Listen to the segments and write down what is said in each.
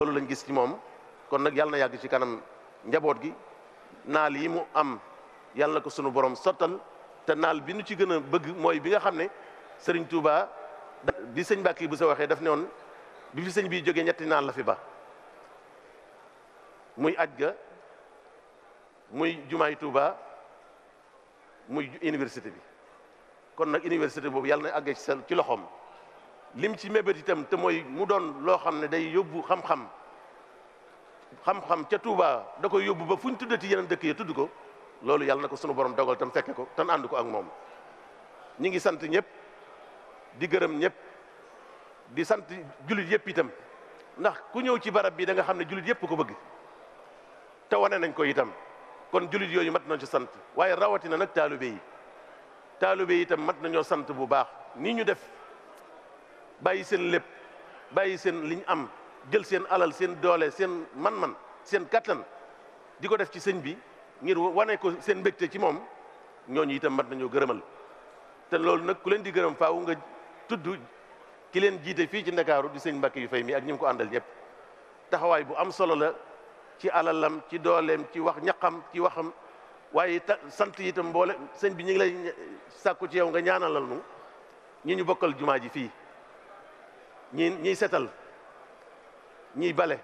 loolu lañ gis ci moom kon nag yàlla na yàgg ci kanam njaboot gi naal yi mu am yàlla na ko sunu borom sottal te naal bi nu ci gën a bëgg mooy bi nga xam ne sëriñ Touba bi sëñ Mbàkke bu sa waxee daf ne woon bi fi sëñ bi jógee ñetti naal la fi ba muy aj ga muy jumaay Touba muy université bi kon nag université boobu yàlla na àggee ci sa ci loxoom lim ci mébét itam te mooy mu doon loo xam ne day yóbbu xam-xam xam-xam ca Touba da koy yóbbu ba fu ñu tuddati yeneen dëkk yi tudd ko loolu yàlla na ko sunu borom dogal tam fekke ko tan ànd ko ak moom ñi ngi sant ñëpp di gërëm ñëpp di sant jullit yëpp itam ndax ku ñëw ci barab bi danga xam ne jullit yëpp ko bëgg te wane nañ ko itam kon jullit yooyu mat nañ ci sant waaye rawatina nag taalibe yi taalibe yi itam mat nañoo sant bu baax nii ñu def bàyyi seen lépp bàyyi seen li ñu am jël seen alal seen doole seen man-man seen kattan di ko def ci sëñ bi ngir wane ko seen mbégte ci moom ñooñu itam mat nañoo gërëmal te loolu nag ku leen di gërëm faaw nga tudd ki leen jiite fii ci ndakaaru di sëñ Mbàkke yu fay mi ak ñi ko àndal ñëpp taxawaay bu am solo la ci alalam ci dooleem ci wax ñaqam ci waxam waaye sant itam mboole sëñ bi ñu ngi lay sàkku ci yow nga ñaanalal nu ñi ñu bokkal jumaa ji fii ñi ñiy setal ñiy bale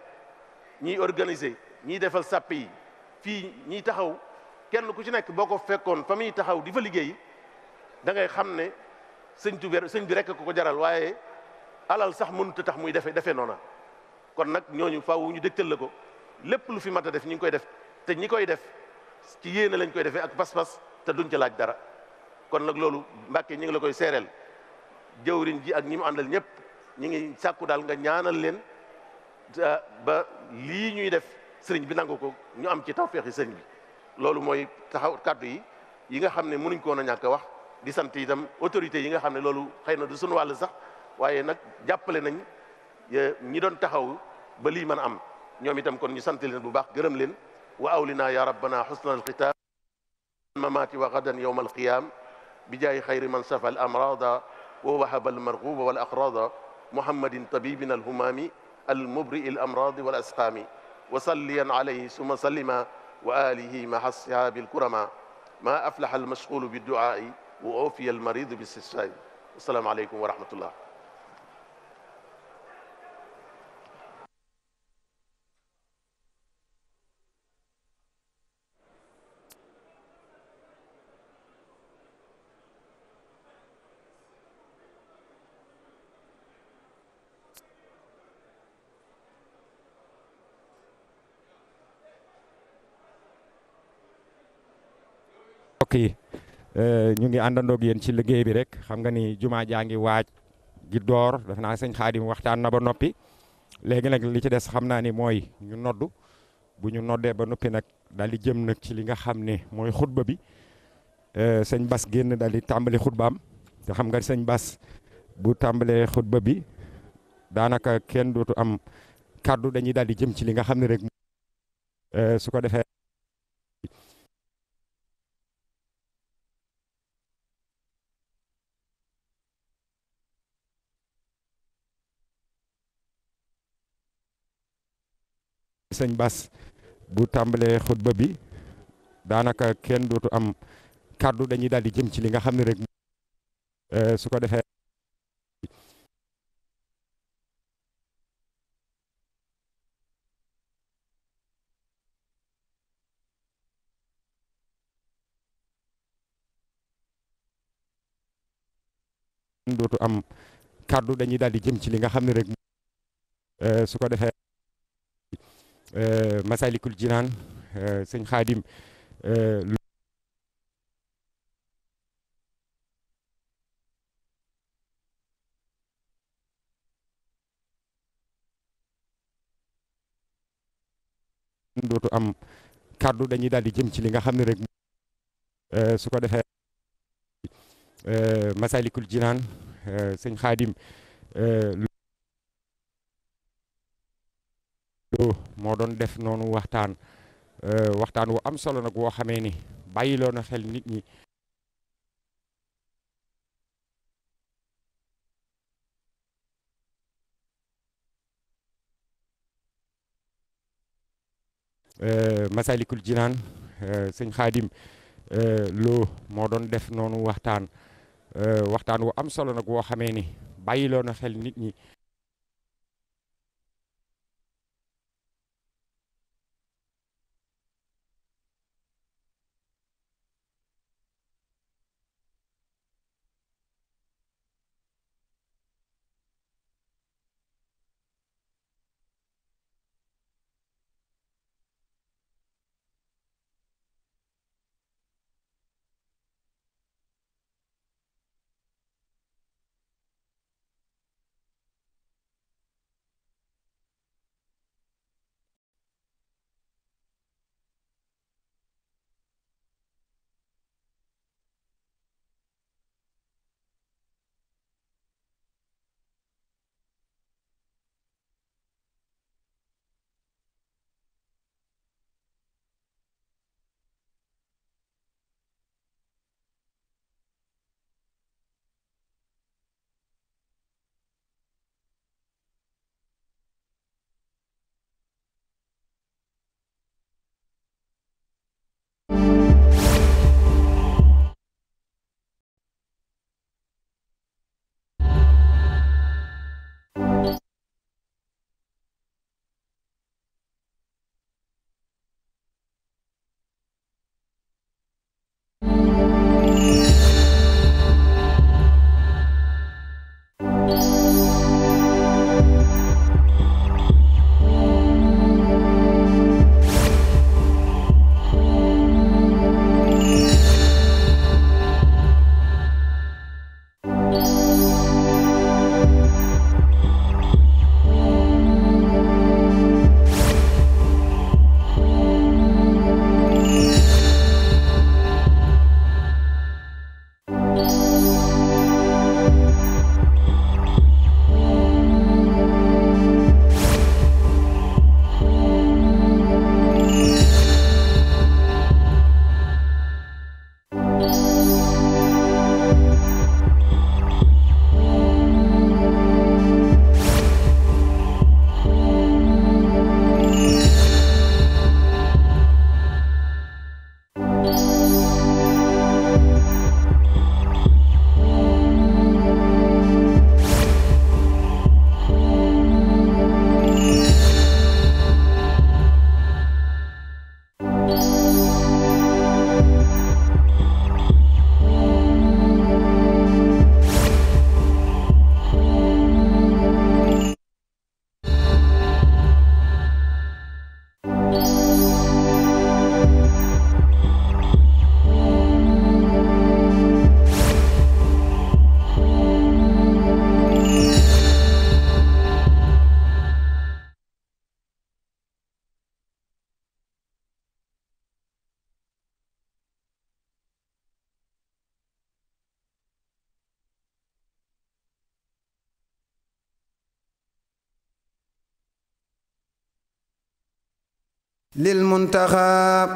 ñiy organiser ñiy defal sàpp yi fii ñiy taxaw kenn ku ci nekk boo ko fekkoon fa muy taxaw di fa liggéey da ngay xam ne sëñ Tuubaa sëñ bi rekk ko ko jaral waaye alal sax mënut tax muy defe defee noona kon nag ñooñu faaw ñu dégtal la ko lépp lu fi mat def ñu ngi koy def te ñi koy def ci yéene lañ koy defee ak pas-pas te duñ ca laaj dara kon nag loolu Mbàkke ñu ngi la koy seereel jëwriñ ji ak ñi mu àndal ñëpp ñi ngi sàkku daal nga ñaanal leen ah, ba lii ñuy def sëriñ bi nangu ko ñu am ci tawféexi sëriñ bi loolu mooy taxaw kàddu yi yi nga xam ne mënuñ ko woon a ñàkk a wax di sant itam autorité yi nga xam ne loolu xëy na du suñu wàll sax waaye nag jàppale nañ ñi doon taxaw ba lii mën a am ñoom itam kon ñu sant leen bu baax gërëm leen wa awlina ya rabbana xusna alxitaam mamaati wa gadan yowma alqiyaam bi jaayi xayri man safa al amrada wa wahaba almarguba wal aqrada muhammadin tabibin alhumaami almubri il amradi wal asqaami wa salliyan alayhi summa sallima wa alihi maha ashaabi alkurama maa aflaha almashgulu bidduaai wa oofiya almaridu bistisqaai assalaamu aleykum wa rahmatullah mbokk yi eh, ñu ngi àndandoog yéen ci liggéey bi rek xam nga ni jumaa jaa ngi waaj gi door def naa sañ Xaadim waxtaan na ba noppi léegi nag li ci des xam naa ni mooy ñu noddu bu ñu noddee ba noppi nag daal di jëm nag ci li nga xam ne mooy xutba bi eh, sëñ Bas génn daal di tàmbali xutbaam te xam nga sëñ Bas bu tàmbalee xutba bi daanaka kenn dootu am kàddu dañuy daal di jëm ci li nga xam ne rek eh, su ko defee sëñ Bass bu tàmbalee xutba bi daanaka kenn dootu am kàddu dañuy daal di jëm ci li nga xam ne rek euh, su ko defee dootu am kàddu dañuy daal di jëm ci li nga xam ne rek euh, su ko defee Euh, Masalikul Jinaan euh, sëñ Xaadim euh, dootu am kàddu dañuy daal di jëm ci li nga xam ne rek su ko defee Masalikul Jinaan sëñ Xaadim moo doon def noonu waxtaan euh, waxtaan wu am solo nag woo xamee ni bàyyiloo na xel nit ñi euh, Masalikul Jinaan euh, sëñ Xaadim loo moo doon def noonu waxtaan waxtaan wu am solo nag woo xamee ni bàyyiloo na xel nit ñi lil muntaxaab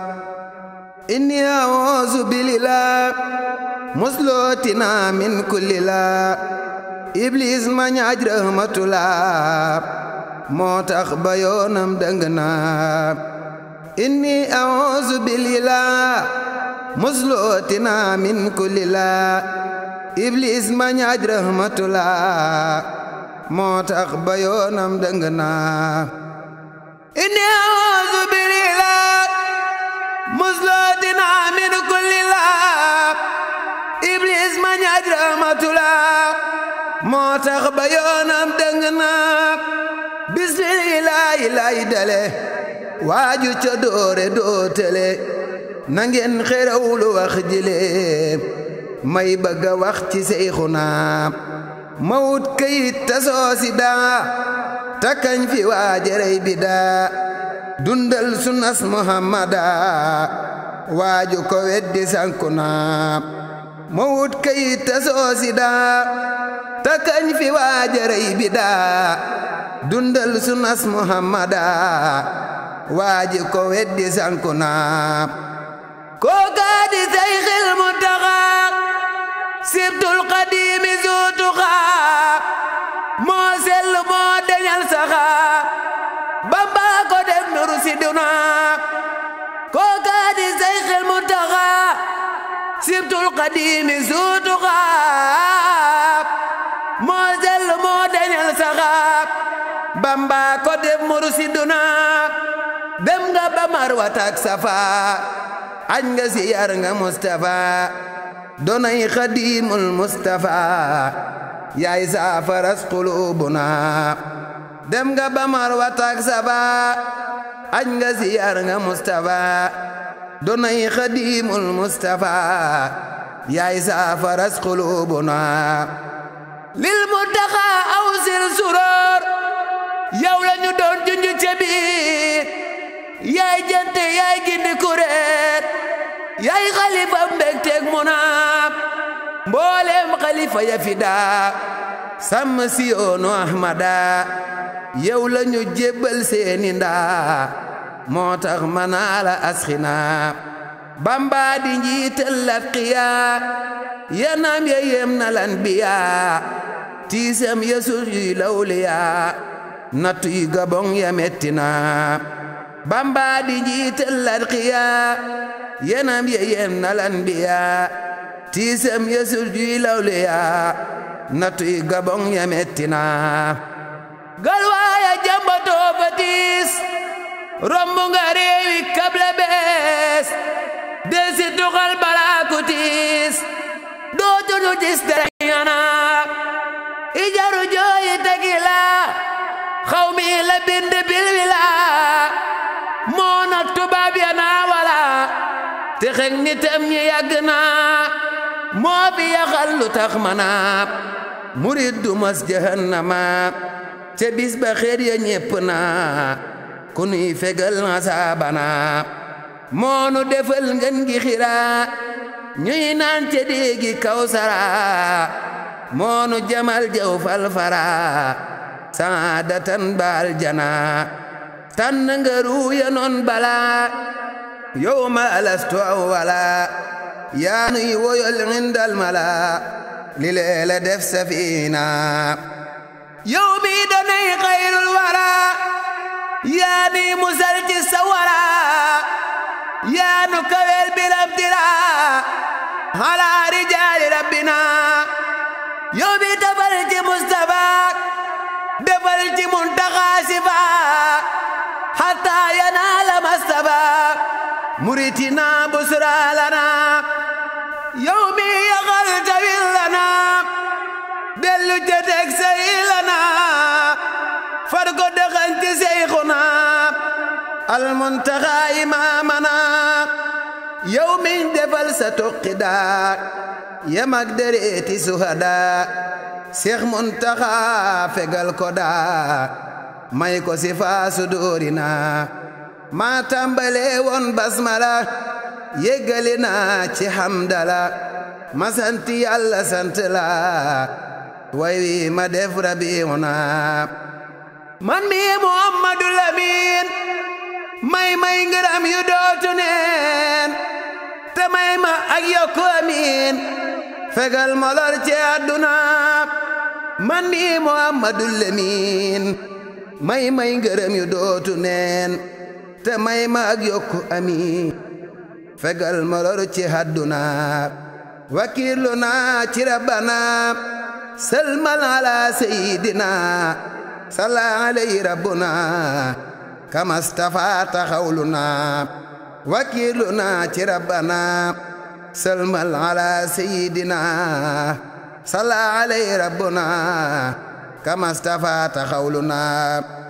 inni awoosu bililaa muslootina min kullilaa ibliis ma ñaaj rahmatulaa moo tax ba yoonam dëng naa inni awoosu bililaa muslootina min kullilaa ibliis ma ñaaj rahmatulaa moo tax ba yoonam dëng naa inni a'uuzu bil ilaah muslootina min kulli laab iblis ma ñaaj rahmatulaah moo tax ba yoonam dëng naa bismillaahi lay dale waaju ca doore dootale na ngeen xerawlu wax jile may bëgga wax ci seyxu naa mawut kayit ta soosi daa takañ fi waajarey bidaa dundal sunas muhammada waaju ko weddi sanku naa kayit ta daa takañ fi waajarey bidaa dundal sunas muhammada waaji ko weddi sanku koo gaa di say xil mu taxaa sirtul qadiimi شيخنا كوكادي زيخ المنتغى سبت القديم زود غاب موزل مودن السغاب بامبا كودب مرسدنا dem nga ba Marwa tak Safa añ nga siyaar nga Mustafa doonay xadimul Mustafa yaay saafaras qulubuna dem nga bamar wa tak saba aj nga ziyaar nga mustafa donay xadimul mustafa yaay saafaras qulubuna lil muntaxa awsil suroor yow la ñu doon junj ca biir yaay jante gindi kureet yaay xalifa mbégteeg munaab mbooleem xalifa ya fi daa sàmm si yoonu ahmada yow la ñu jébbal seeni ndaa moo tax manaa la asxinaa bamba di njiital latqiyaa yanaam ya yem na lan biyaa tiisam ya surjuy lawliyaa nattu yi gabong ya metti naa bamba di njiital latqiyaa yanaam yem na lan biyaa tiisam ya surjuy lawliyaa nattu yi gabong ya galwaaya jambatoo ba tiis romb nga réewi kable bees del tuxal balaaku tiis dootuñu gis dara ñanaa i jaru jooyi tegi laa bind bilwi moo nag tubaab ya naa wala te xeg nitam ñi yàgg moo fi yaxal lu tax ma naab murid du mas jahannama ca bis ba xéer ya ñépp naa ku nuy fegal xasaabana moonu defal ngeen gi xiraa ñuy naan ca déegi kawsara moonu jamal jaw falfara saadatan baal jana tànn nga ruuya noon bala yow ma alastu aw wala yaa nuy woyol indal mala li leela def safiina yow mi danay xayrul wara yaa ni musal ci sa wara yaa nu kawel bilam tira ala rijaali rabbina yow mi tafal ci mustafa defal ci muntaxa sifa hatta yanaala mastaba muritina busra lana yow mi yaxal tawil lana dellu ca teg say lana far ko dëxañ ci seyxuna almuntaxa imaamana yow miñ defal sa tuqi daa yam ak dereeti suhadaa seex muntaxa fegal ko daa may ko si faasu dóorina maa tàmbalee woon basmala yéggali naa ci hamdala ma sant yàlla sant la way wi ma def rabiuna man mi Muhammadu Lamin may may ngërëm yu dootu neen te may ma ak yokku amin molor ci àdduna man mi Muhammadu Lamin may may ngërëm yu dootu neen te may ma ak yokku amin molor ci àdduna wakiilu naa ci rabbana salman ala sayidina salla alay rabbuna kama stafa taxawluna wakiluna ci rabbana salman ala sayidina salla alay rabbuna kama stafa taxawluna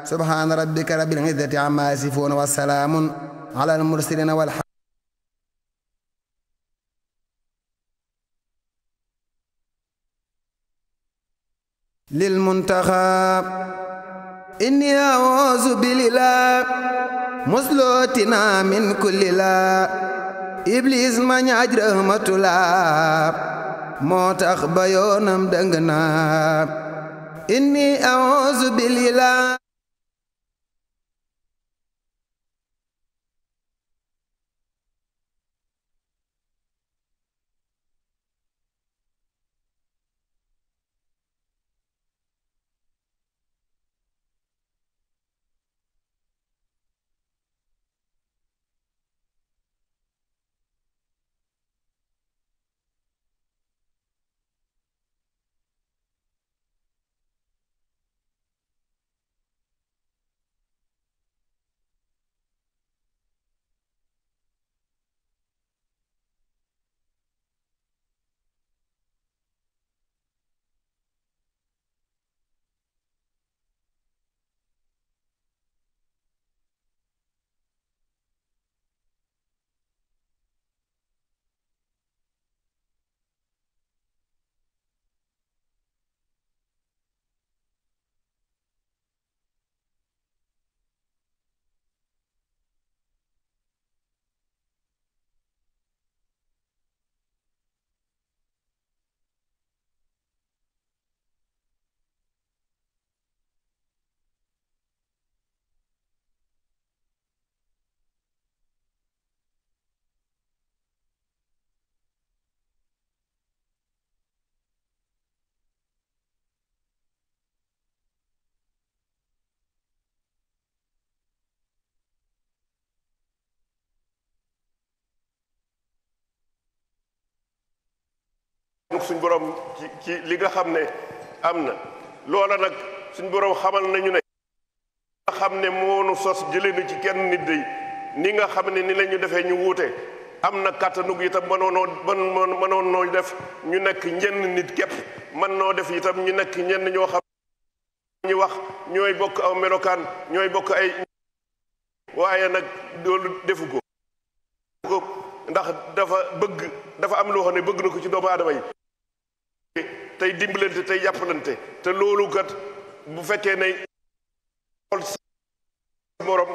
subhana rabbika rabbil izzati amma yasifun wa salamun ala al mursalin wal lil muntaxaab inni awuzu bilila muslootina min kullila iblis ma ñaaj rahmatula moo tax ba yoonam dëng na inni awuzu bilila jaamu suñ borom ci ci li nga xam ne am na loola nag suñ borom xamal nañu ne nga xam ne moonu sos jëleenu ci kenn nit day ni nga xam ne ni la defee ñu wuute am na kàttanug itam mënoonoo mën mënoon noo def ñu nekk ñenn nit képp mën noo def itam ñu nekk ñenn ñoo xam ñu wax ñooy bokk aw melokaan ñooy bokk ay waaye nag loolu defu ko ndax dafa bëgg dafa am loo xam ne bëgg na ko ci doomu aadama yi tey dimbalante tey jàppalante te loolu kat bu fekkee ne xool sa morom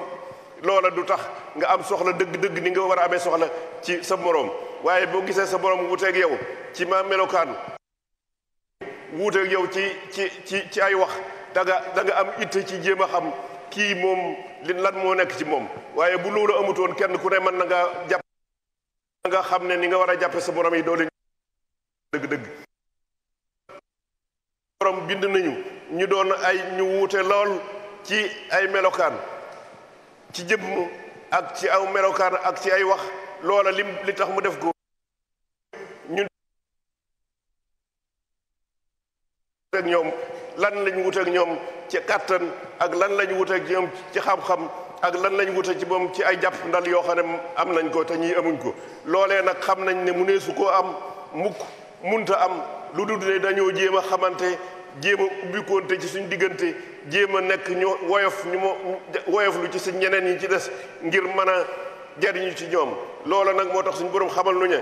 loola du tax nga am soxla dëgg-dëgg ni nga war a amee soxla ci sa morom waaye boo gisee sa morom wuuteeg yow ci ma melokaan wuuteeg yow ci ci ci ci ay wax da danga am it ci jéem a xam kii moom li lan moo nekk ci moom waaye bu loolu amutoon kenn ku ne mën na nga jàpp nga xam ne ni nga war a jàppee sa morom yi doole dëgg-dëgg borom bind nañu ñu doon ay ñu wuute lool ci ay melokaan ci jëmm ak ci aw melokaan ak ci ay wax loola lim li tax mu def ko ñu ak ñoom lan lañ wut ñoom ci kàttan ak lan lañ wut ak ci xam-xam ak lan lañ wute ci moom ci ay jàpp ndal yoo xam ne am nañ ko te ñii amuñ ko loolee nag xam nañ ne mu neesu koo am mukk mun munta am lu dul ne dañoo jéem a xamante jéem a ubbikoonte ci suñ diggante jéem a nekk ñu woyof ñu ma woyof lu ci suñ ñeneen yi ci des ngir mën a jariñu ci ñoom loola nag moo tax suñ borom xamal nu ñe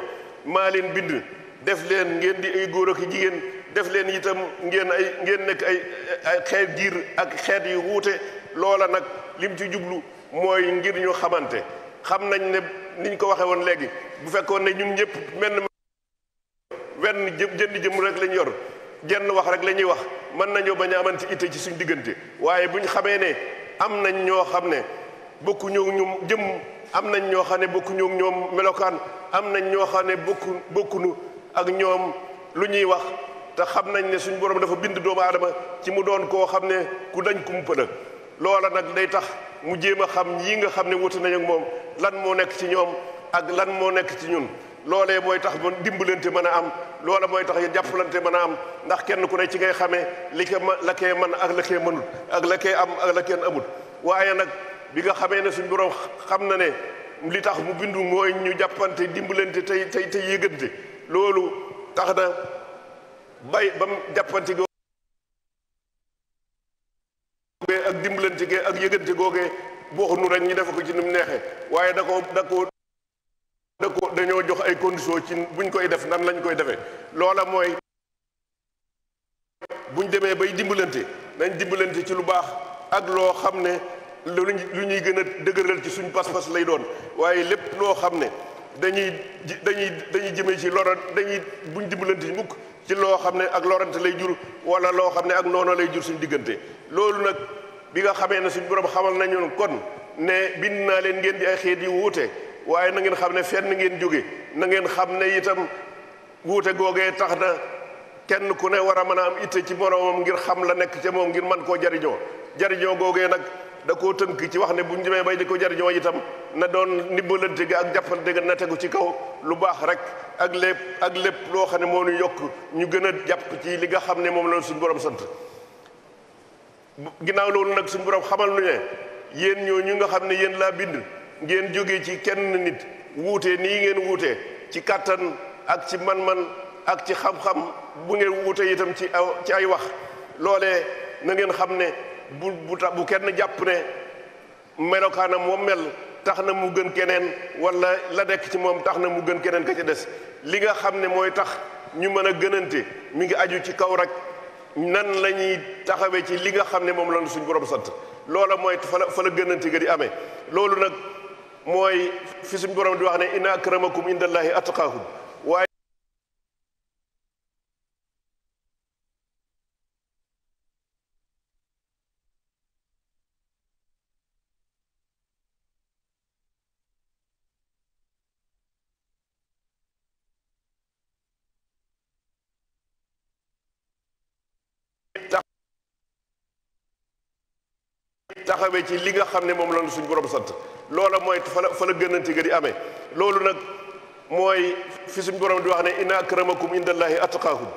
maa leen bind def leen ngeen di ay góor ak jigéen def leen itam ngeen ay ngeen nekk ay ay xeet jiir ak xeet yu wuute loola nag lim ci jublu mooy ngir ñu xamante xam nañ ne niñ ko waxe woon léegi bu fekkoon ne ñun ñëpp menn wenn jëm jënd jëm rek lañ yor jenn wax rek la ñuy wax mën nañoo bañ a amante itte ci suñ diggante waaye bu ñu xamee ne am nañ ñoo xam ne bokku ñoo jëm am nañ ñoo xam ne bokku ñoom melokaan am nañ ñoo xam ne bokku bokkunu ak ñoom lu ñuy wax te xam nañ ne suñu borom dafa bind doomu aadama ci mu doon koo xam ne ku dañ kumpa la loola nag day tax mu jéem a xam yii nga xam ne wuti nañ moom lan moo nekk ci ñoom ak lan moo nekk ci ñun loolee mooy tax ba dimbalante mën a am loola mooy tax jàppalante mën a am ndax kenn ku ne ci ngay xamee li ko ma la koy mën ak la koy mënul ak la koy ak la kenn amul waaye nag bi nga xamee ne suñu borom xam na ne li tax mu bindu mooy ñu jàppante dimbalante tey tey tey yëgante loolu tax na bay ba mu jàppante googee ak dimbalante gee ak yëgante googee boo nu rek ñu def ko ci ni mu neexee waaye da ko da ko dañoo jox ay condition ci buñ koy def nan lañ koy defee loola mooy buñ demee bay dimbalante nañ dimbalante ci lu baax ak loo xam ne lu lu ñuy gën a dëgëral ci suñu pas-pas lay doon waaye lépp loo xam ne dañuy dañuy dañuy jëmee ci loro dañuy buñ dimbalante ci mukk ci loo xam ne ak lorante lay jur wala loo xam ne ak noonu lay jur suñ diggante loolu nag bi nga xamee ne suñu borom xamal nañu kon ne bind naa leen ngeen di ay xeet yu wuute waaye na ngeen xam ne fenn ngeen jóge nangeen xam ne itam wuute googee tax na kenn ku ne war a mën a am itte ci moroomam ngir xam la nekk ca moom ngir man koo jariñoo jariñoo googee nag da koo tënk ci wax ne bu ñu bay di ko jariñoo itam na doon ndimbalante gi ak jàppante ga na tegu ci kaw lu baax rek ak lépp ak lépp loo xam ne moo ñu yokk ñu gën a jàpp ci li nga xam ne moom la suñu borom sant ginnaaw loolu nag suñu borom xamal nu ne yéen ñoo ñu nga xam ne yéen laa bind ngeen jóge ci kenn nit wuute nii ngeen wuute ci kàttan ak ci man-man ak ci xam-xam bu ngeen wuute itam ci aw ci ay wax loole na ngeen xam ne bu bu ta bu kenn jàpp ne melokaanam moom mel tax na mu gën keneen wala la dekk ci moom tax na mu gën keneen ka ci des li nga xam ne mooy tax ñu mën a gënante mi ngi aju ci kaw rek nan la ñuy taxawee ci li nga xam ne moom la suñ borom sant loola mooy fa la fa la gënante ga di amee loolu nag mooy fi suñu borom di wax ne inna akramakum indallahi atqaakum taxawee ci li nga xam ne moom la suñ borom sant loola mooy fala la fa la gënante ga di amee loolu nag mooy fi suñ di wax ne inna akramakum indallahi atqaakum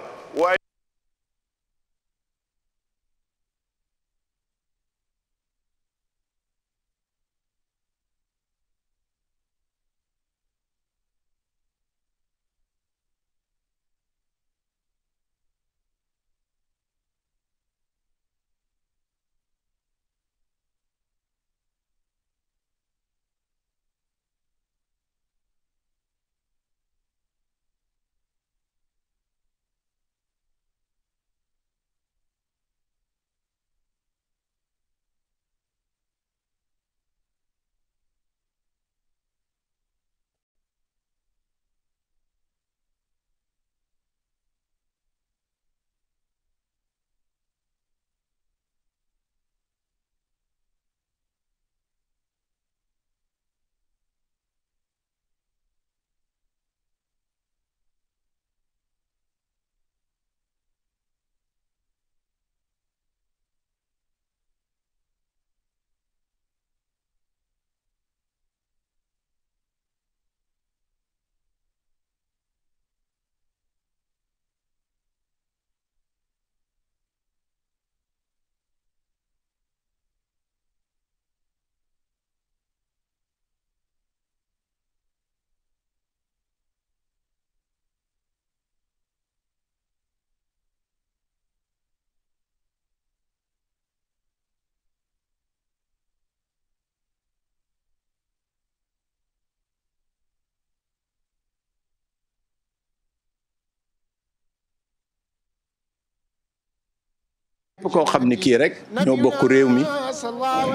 koo xam ne kii rek ñoo bokk réew mi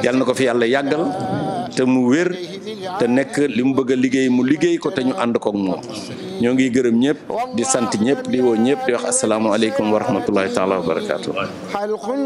yal ko fi yàlla yàggal te mu wér te nekk li mu bëgg a liggéey mu liggéey ko te ñu ànd kook moom ñoo ngi gërëm ñépp di sant ñëpp di woo ñëpp di wax asalaamaaleykum wa rahmatullahi taala wa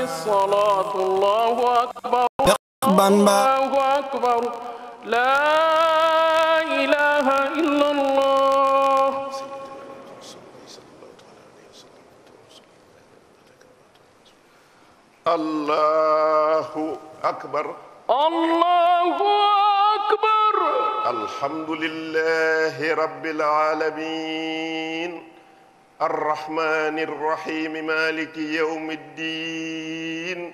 Bamba Allahu akbar Allahu akbar alhamdulillahi rabbil alamin arrahmanir rahim maliki yawmiddin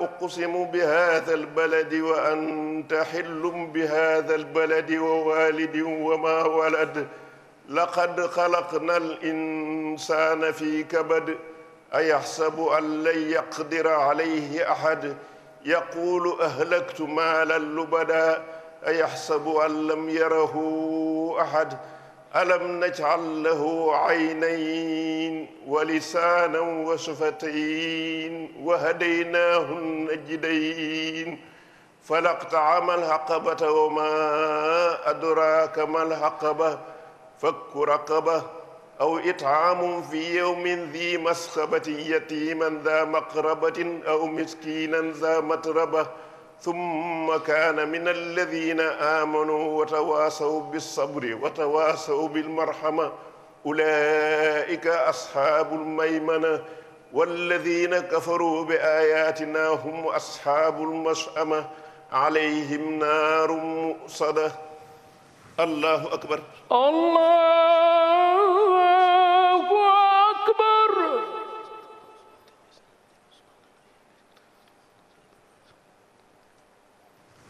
أقسم بهذا البلد وأنت حل بهذا البلد ووالد وما ولد لقد خلقنا الإنسان في كبد أيحسب أن لن يقدر عليه أحد يقول أهلكت مالا لبدا أيحسب أن لم يره أحد alam naj'al lahu aynayn wa lisaanan wa shafatayn wa hadaynaahu najdayn falaqta'ama al-'aqabata wa maa adraaka ma al-'aqaba fakku raqaba aw it'aamun fi yawmin dhi masghabatin yatiiman dha maqrabatin aw miskiinan dha matraba ثم كان من الذين آمنوا وتواصوا بالصبر وتواصوا بالمرحمة أولئك أصحاب الميمنة والذين كفروا بآياتنا هم أصحاب المشأمة عليهم نار مؤصدة الله أكبر الله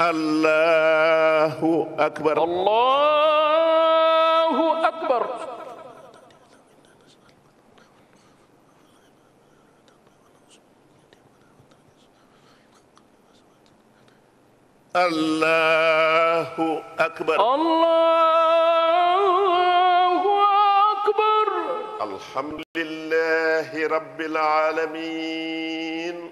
allahu akbar allahu akbar allahu akbar allahu akbar alhamdulillahi rabbil alamin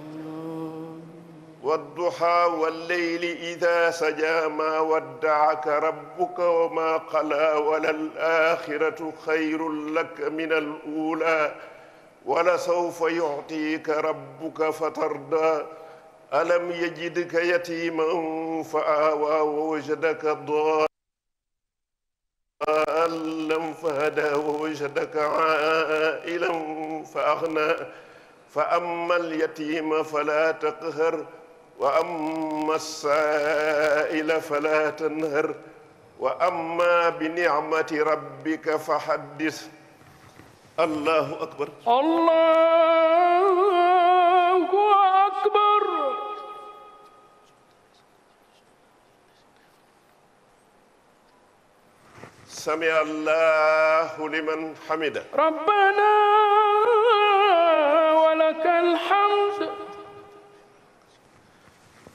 والضحى والليل إذا سجى ما ودعك ربك وما قلى وللآخرة خير لك من الأولى ولسوف يعطيك ربك فترضى ألم يجدك يتيما فآوى ووجدك ضالا فهدى ووجدك عائلا فأغنى فأما اليتيم فلا تقهر wa amma saa'ila fala tanhar wa amma bi ni'mati rabbika fa haddis allahu akbar allahu akbar sami allahu liman hamida rabbana wa lakal hamd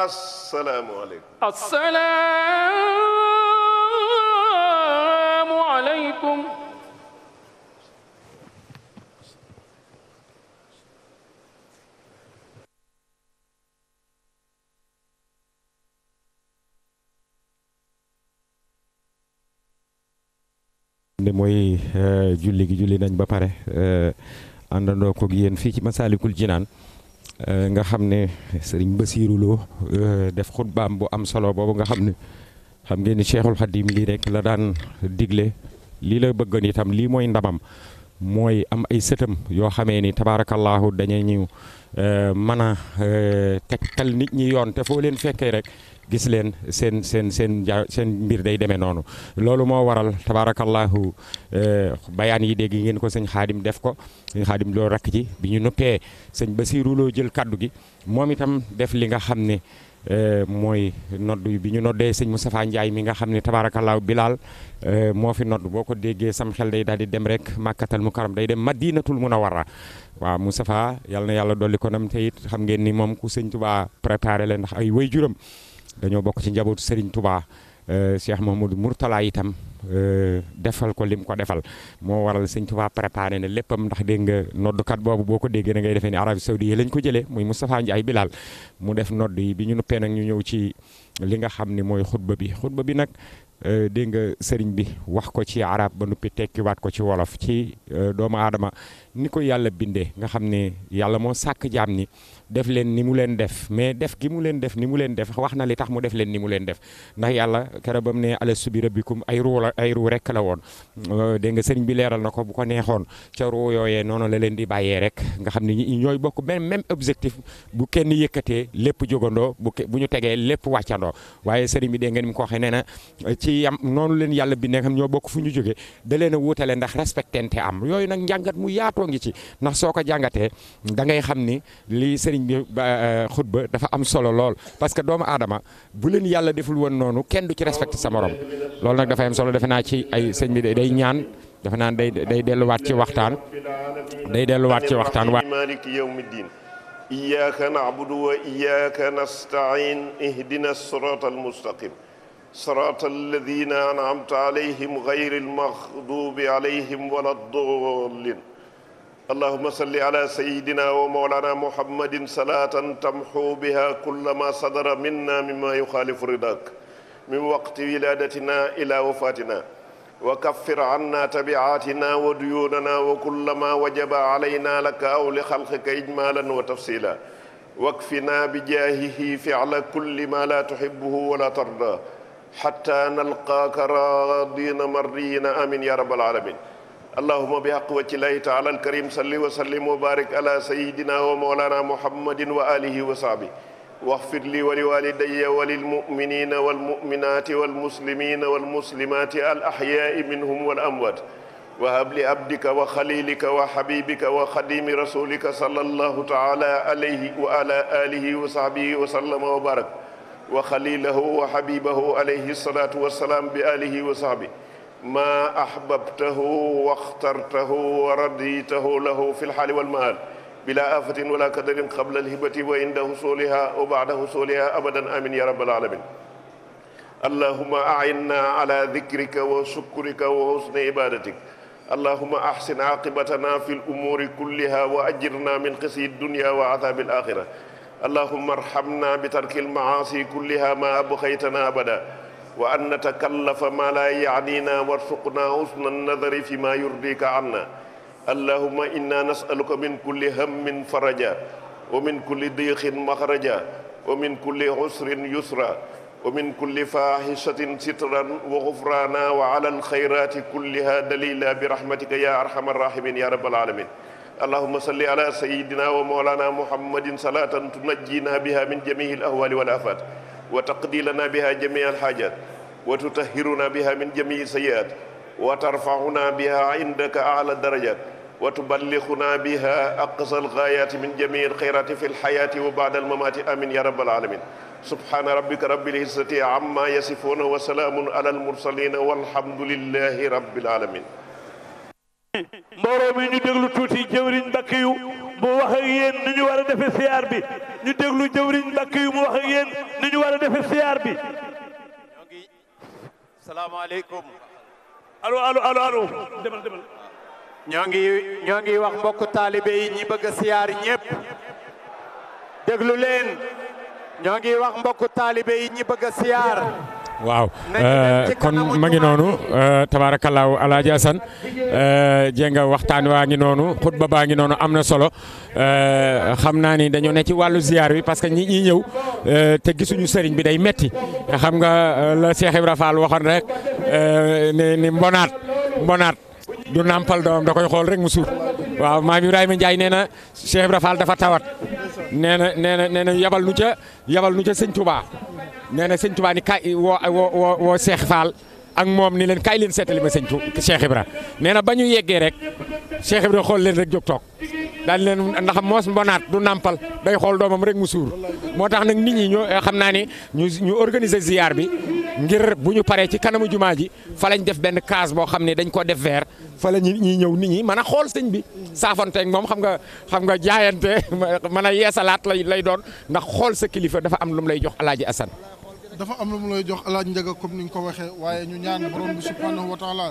asalaamualeykum. asalaamualeykum. mooy eh, julli gi julli nañ ba pare eh, àndandoo ko yéen fii ci Masaalikul Jinaan Euh, nga xam ne sëriñ Basiiru Lo euh, def xutbaam bu am solo boobu nga xam ne xam ngeen ni Cheikhul Khadim lii rek la daan digle lii la bëggoon itam lii mooy ndamam mooy am ay sëtam yoo xamee ni tabaarakallaahu dañuy ñëw Euh, mana a euh, tegtal nit ñi yoon te foo leen fekkee rek gis leen seen seen seen ja seen mbir day demee noonu loolu moo waral tabaarakallahu euh, bayaan yi dégg ngeen ko sëñ xaadim def ko sëñ xaadim loo rakk ji bi ñu noppee sëñ Basiiru loo jël kàddu gi moom itam def li nga xam ne Euh, mooy nodd bi ñu noddee sëñ Moustapha Ndiaye mi nga xam ne tabaarakallaahu bilaal euh, moo fi nodd boo ko déggee sam xel day daal di dem rek màkkatal mu karam day dem madinatul munawara waaw Moustapha yal na yàlla dolli ko nam te xam ngeen ni moom ku sëñ Touba préparé la ndax ay way juram dañoo bokk ci njabootu Serigne tubaa euh, Cheikh Mahmoud Mourtala itam Euh, defal ko lim ko defal moo waral sëñ Tuubaa préparé ne léppam ndax dégg nga noddukat boobu boo ko déggee da ngay defee ni Arabie Saoudite yi lañ ko jëlee muy Moustapha Ndiaye Bilal mu def noddu yi bi ñu nuppee nag ñu ñëw ci li nga xam ni mooy xutba bi xutba bi nag euh, dégg nga sëriñ bi wax ko ci arab ba nuppi tekkiwaat ko ci wolof ci euh, doomu aadama ni ko yàlla bindee nga xam ne yàlla moo sàkk jaam ni def leen ni mu leen def mais def gi mu leen def ni mu leen def wax na li tax mu def leen ni mu leen def ndax yàlla keroog ba mu ne alastu bi rabbikum ay ruu ay ruu rek la woon euh, dégg nga sëriñ bi leeral na ko bu ko neexoon ca ruu yooyee noonu la leen di bàyyee rek nga xam ne ñooy bokk même même objectif bu kenn yëkkatee lépp jógandoo bu bu ñu tegee lépp wàccandoo waaye sëriñ bi dégg ngeen mu ko waxee nee na ci yam noonu leen yàlla bi ne xam ñoo bokk fu ñu jógee da leen a ndax respectante am yooyu nag njàngat mu yaatoo ngi ci ndax soo ko jàngatee da xam ni li sëriñ sëriñ bi eh, dafa am solo lool parce que doomu aadama bu leen yàlla deful woon noonu kenn du ci respecté sa morom loolu nag dafay am solo defe naa ci ay sëñ bi day ñaan defe naa day day delluwaat ci waxtaan day delluwaat ci waxtaan waa maliki yawmi ddin iyyaka na'budu wa iyyaka nasta'in ihdina sirata almustaqim sirata alladhina an'amta alayhim ghayril maghdubi alayhim waladdallin allahuma salli ala sayidina wa mawlana muhammadin salatan tamxu biha kulla ma sadara minna mima yuxaalifu ridak min waqti wiladatina ila wafatina wa kaffir anna tabiatina wa duyunana wa kulla ma wajaba alayna laka aw li xalqika ijmalan wa tafsila wakfina bijaahihi ficla kulli ma la tuxibuhu wala tarda xata nalqaaka raadina mardiyina amin ya rabbal alamin allahuma bi haq waccillahi taala alkarim salli wa sallim wa barik ala sayidina wa mawlana muhammadin wa alihi wa sahbi waxfir li wa liwalidaya wa lilmuminina walmuminati walmuslimina walmuslimati al ahyaai minhum wal amwaat wahab li abdika wa xalilika wa xabibika wa xadimi rasulika sallallahu taala alayhi wa ala alihi wa sahbihi wa sallama wa barak wa xalilahu wa xabibahu alayhi salatu wasalaam bi alihi wa sahbi ma ahbabtahu wa axtartahu wa raditahu lahu fi lxaali walmaal bila afatin wala kadarin qabla alhibati wa inda husuliha wa bada husuliha abadan amin ya rabbal alamin allahuma ainna ala dikrika wa sukrika wa husni ibadatik allahuma ahsin aqibatana fi lumuri kulliha wa ajirna min xisyi dunya wa adhabi alaxira allahuma arhamna bi tarki almaasi kulliha ma abxaytana abada wa an natakallafa ma la yaanina warzuqna husna nadari fi ma yurdika anna allahumma inna nasaluka min kulli hammin faraja wa min kulli diixin maxraja wa min kulli usrin yusra wa min kulli faaxisatin sitran wa xufraana wa ala alxayraati kulliha dalila bi rahmatika ya arhamar rahimin ya rabbal alamin allahuma salli ala sayidina wa moolana muhammadin salatan tunajjina biha min jamihi al ahwali wal afat wa taqdi lana biha jamii alxaajat wa tutahiruna biha min jamii sayiat wa tarfauna biha indaka ala darajat wa tuballighuna biha aqsa algaayati min jamii alxayrati fi lxayaati wa baada almamaati amin ya rabbal alamin subhaana rabbika rabbil izzati amma yasifuuna wa salaamun ala almursalina walhamdulillahi rabbil alamin mbooloo mi ñu déglu tuuti jëwriñ Mbacke yu mu wax ak yéen ni ñu war a siyaar bi ñu déglu jëwriñ mbàkk yu mu wax ak yéen ni ñu war a siyaar bi ñoo ngi salaamaaleykum alo alo ñoo ngi ñoo ngi wax mbokku taalibe yi ñi bëgg a siyaar ñépp déglu ñoo ngi wax mbokku taalibe yi ñi bëgg siyaar waaw euh, kon ma ngi noonu euh, tabaarakallaahu alaaji Asan euh, nga waxtaan waa ngi noonu xutba baa ngi noonu am na solo xam naa ni dañoo ne ci wàllu ziar bi parce que ñi ñi ñëw te gisuñu sëriñ bi day metti xam nga la Cheikh Ibra Fall waxoon rek ni mbonaat mbonaat du nampal doom da koy xool rek mu suur waaw maam Ibrahima njaay nee na Cheikh Ibra Fall dafa tawat nee na nee na nee na yabal nu ca yabal nu ca sëñ Touba nee na sëñ Touba ni kaay woo woo woo Cheikh Fall ak moom ni leen kaay leen seetali ma sëñ Cheikh Ibra nee na ba ñu yeggee rek Cheikh Ibra xool leen rek jóg toog. daal leen ndax moos mbonaat du nàmpal day xool doomam rek mu suur moo tax nag nit ñi ñoo xam naa ne ñu ñu organiser ziar bi ngir bu ñu paree ci kanamu jumaa ji fa lañ def benn kaas boo xam ne dañ ko def veer fa la ñuy ñëw nit ñi mën a xool sëñ bi saafonteeg moom xam nga xam nga jaayante mën a yeesalaat lay lay doon ndax xool sa kilifa dafa am lu lay jox alaaji Asan dafa am lu mu lay jox alaaj njaga comme ni nga ko waxee waaye ñu ñaan borom bi subhanahu wa taala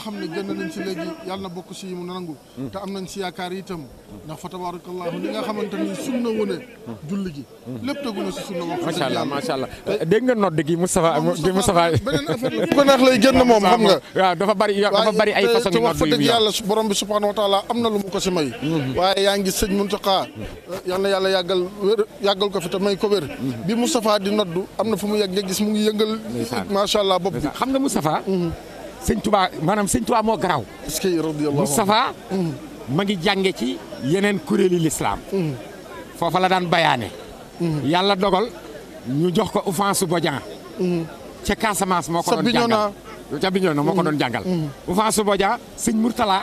xam ne génn nañ si léegi yàlla na bokk si mu nangu te am nañ si yaakaar tam ndax fa tabarakallahu li nga xamante ni sunna wone julli gi lépp tegu na si sunna wax macha allah macha allah eh, dégg nga nodd gi Moustapha gi Moustapha beneen affaire la ko neex lay génn moom xam nga waaw dafa bari dafa bari ay façon wax fa dëgg yàlla borom bi subhanahu wa taala am na lu mu ko si may mhm. waaye yaa ngi sëñ Muntaqa eh, yal na yàlla yàggal wér yàggal ko fi te may ko wér bi Moustapha di noddu am na fu mu yegg nga gis mu ngi yëngal. macha allah bopp bi xam nga Moustapha. Mhm. sëñ Touba maanaam sëñ Touba moo garaaw. est-ce que mhm. ma ngi jànge ci yeneen kuréeli lislaam mhm. foofa la daan bayaane. yàlla dogal ñu jox ko offense Bodian. ca Casamance moo ko doon jàngal ca Bignona moo ko doon jàngal. offense Bodian sëñ Mourtala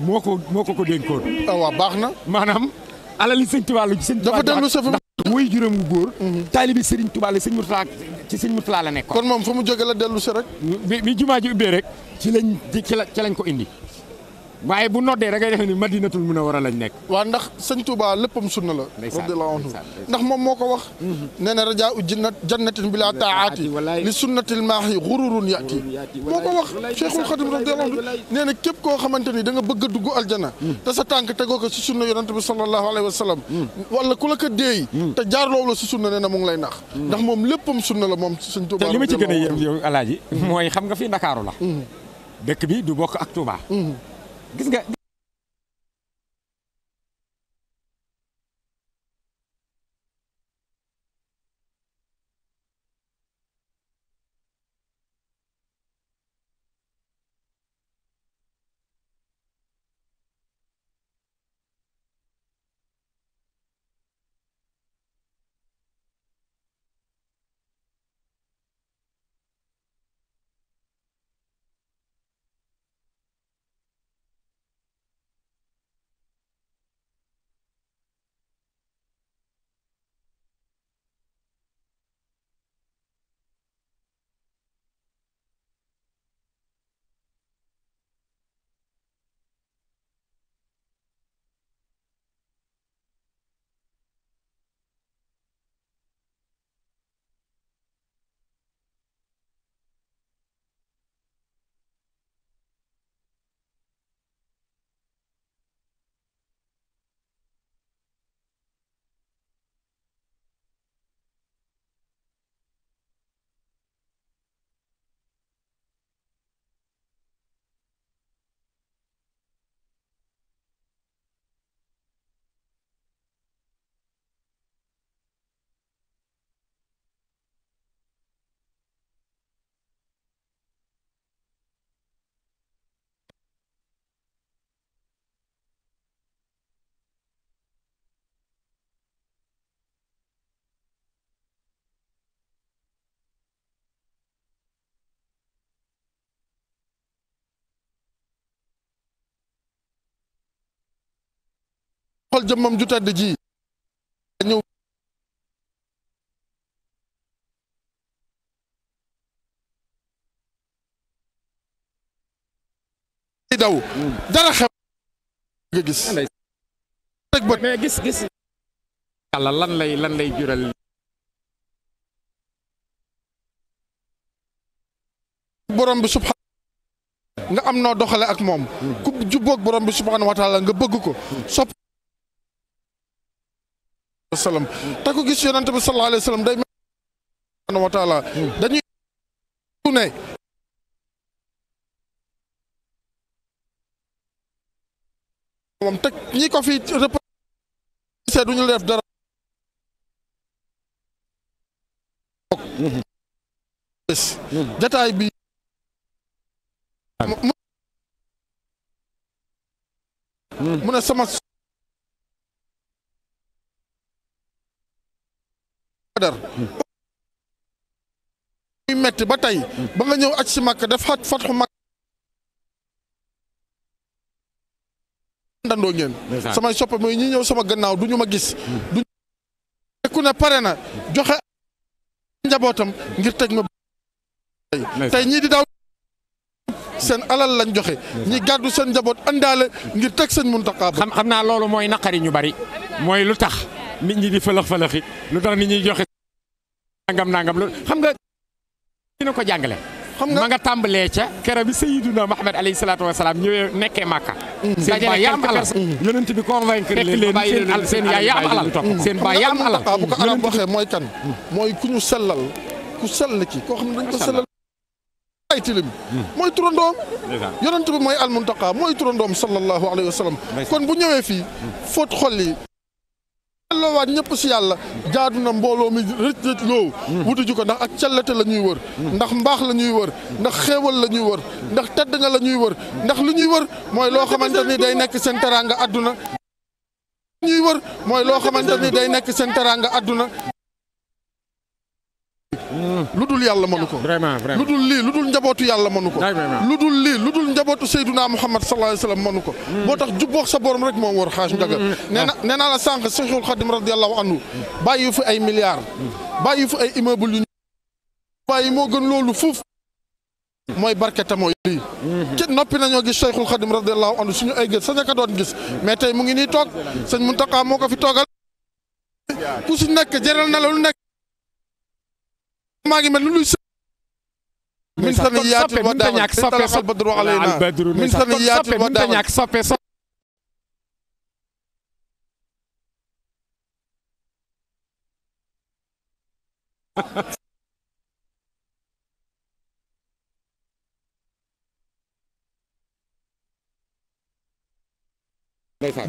moo ko moo ko ko dénkoon. Ah, baax na maanaam. alali sëñ Tuubaa la ci sëñ Tuubaa dafa dellu sa mooy juróom gu góor mhm. taalibi sëriñ Tuubaa la sëñ Murtala ci sëñ Murtala la nekk kon moom fu mu jóge la dellu si rek bi jumaa ji ubbee rek ci lañ ci lañ ko indi waaye bu noddee da ngay defe ni madinatul munawwara lañ nekk waaw ndax sëñ Touba léppam sunna la radiyallahu anhu ndax moom moo ko wax mhm. nee na rajaa u jannat jannatin bila taaati li sunnatil maahi xururun yaati moo ko wax cheikhul xadim radiyallahu anhu nee na képp koo xamante ni da bëgg dugg aljana mhm. te sa tànk tegoo ko si sunna yonante bi sallallahu alayhi wa sallam mhm. wala ku la ko déey te jaarloow la si sunna nee na mu ngi lay ndax ndax moom léppam sunna la moom sëñ Touba te li ma ci gën xam nga fii Ndakaaru la dëkk bi du bokk ak gis nga. xool ju tedd ji ñëw daw dara xew nga gis rek bët mais lan lay lan lay jural borom bi subhanahu nga am noo doxale ak moom hmm. ku borom bi subhanahu wa nga bëgg ko hmm. sopp wa sallam te ku gis yonent bi sallallahu alayhi wa sallam day mel wa ne moom teg ñi ko fi représenté bi mu hmm. sama badar muy metti ba tey ba nga ñëw aj si màkk def xat fatxu màkk dandoo ngeen samay soppe mooy ñi ñëw sama gannaaw du ñu ma gis du ku ne pare na joxe njabootam ngir teg ma tey ñii di daaw seen alal lañ joxe ñi gàddu seen njaboot andaale ngir teg seen muntaqa xam naa loolu mooy naqari ñu bari mooy lu tax nit di fëlëx fëlëxi lu tax nit ñi joxe nangam nangam loolu xam nga dina ko jàngale xam na ma nga tàmbalee ca kera bi Sayyiduna Muhammad alayhi salaatu wa salaam ñëwee nekkee Màkka. Mm. seen baay yaa am alal mm. yonent bi convaincre leen seen al seen yaay yaa am alal mm. seen baay yaa am alal bu ko arab waxee mooy kan mooy ku ñu sellal ku sell ki koo xam ne dañ ko sellal ay tilim mooy turandoom yonent bi mooy a mooy turandoom sallallahu alayhi wa sallam kon bu ñëwee fii fóot xol delloo waat ñëpp si yàlla jaadu na mbooloo mi rëcc loo hmm. wutu ji ko ndax ak callate la ñuy wër hmm. ndax mbaax la ñuy wër ndax xéewal la ñuy wër ndax tedd nga la ñuy wër ndax lu ñuy wër mooy loo xamante ni day nekk seen teraanga àdduna ñuy wër mooy loo xamante ni day nekk seen teraanga àdduna ludul dul yàlla mënu ko vraiment vraiment lu lii lu dul njabootu yàlla mënu ko lu dul lii lu dul njabootu Seyduna Muhammad sallallahu alayhi wa sallam mënu ko hmm. moo tax jubboo sa borom rek moom war xaaj njaga hmm, hmm, nee na nee naa la sànq Cheikhul Khadim radiyallahu anhu bàyyi fi ay milliards bàyyi fi ay immeuble yu bàyyi moo gën loolu fuuf mooy barkete mooy lii ci noppi nañoo gis Cheikhul Khadim radiyallahu anhu suñu ay gët sañ doon gis mais tey mu ngi nii toog sëñ Muntaqa moo ko fi toogal ku si nekk jëral na maa ngi mel lu luy min sani yaatil wa daaxal min sani badru alayna min sani yaatil wa daaxal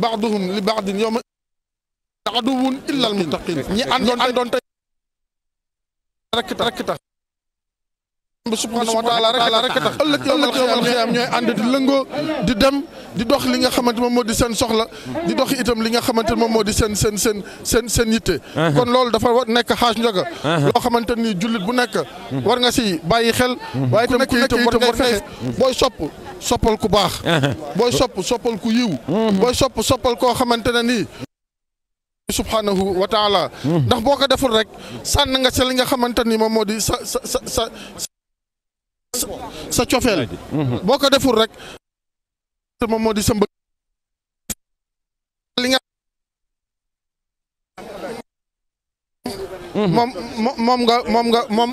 baaduhum li baadin yawma aduwwun illa al muttaqin ñi àndoon tey rek tax rek tax subhanahu wa taala rek tax ëllëg ëllëg yowmal xiyaam ñooy ànd di lëngoo di dem di dox li nga xamante moom moo di seen soxla di dox itam li nga xamante moom moo di seen seen seen seen seen yitte uh-huh. kon loolu dafa nekk xaaj njoga uh-huh. loo xamante nii jullit bu nekk war nga si bàyyi xel uh-huh. waaye itam ku nekk itam war nga booy sopp soppal ku baax booy sopp soppal ku yiw booy sopp soppal koo xamante ne nii subhanahu wa taala ndax boo ko deful rek sànn nga sa li nga xamante ni moom moo di sa sa sa sa sa cofeel boo ko deful rek moom moo di sa mbëgg li nga moom nga moom nga moom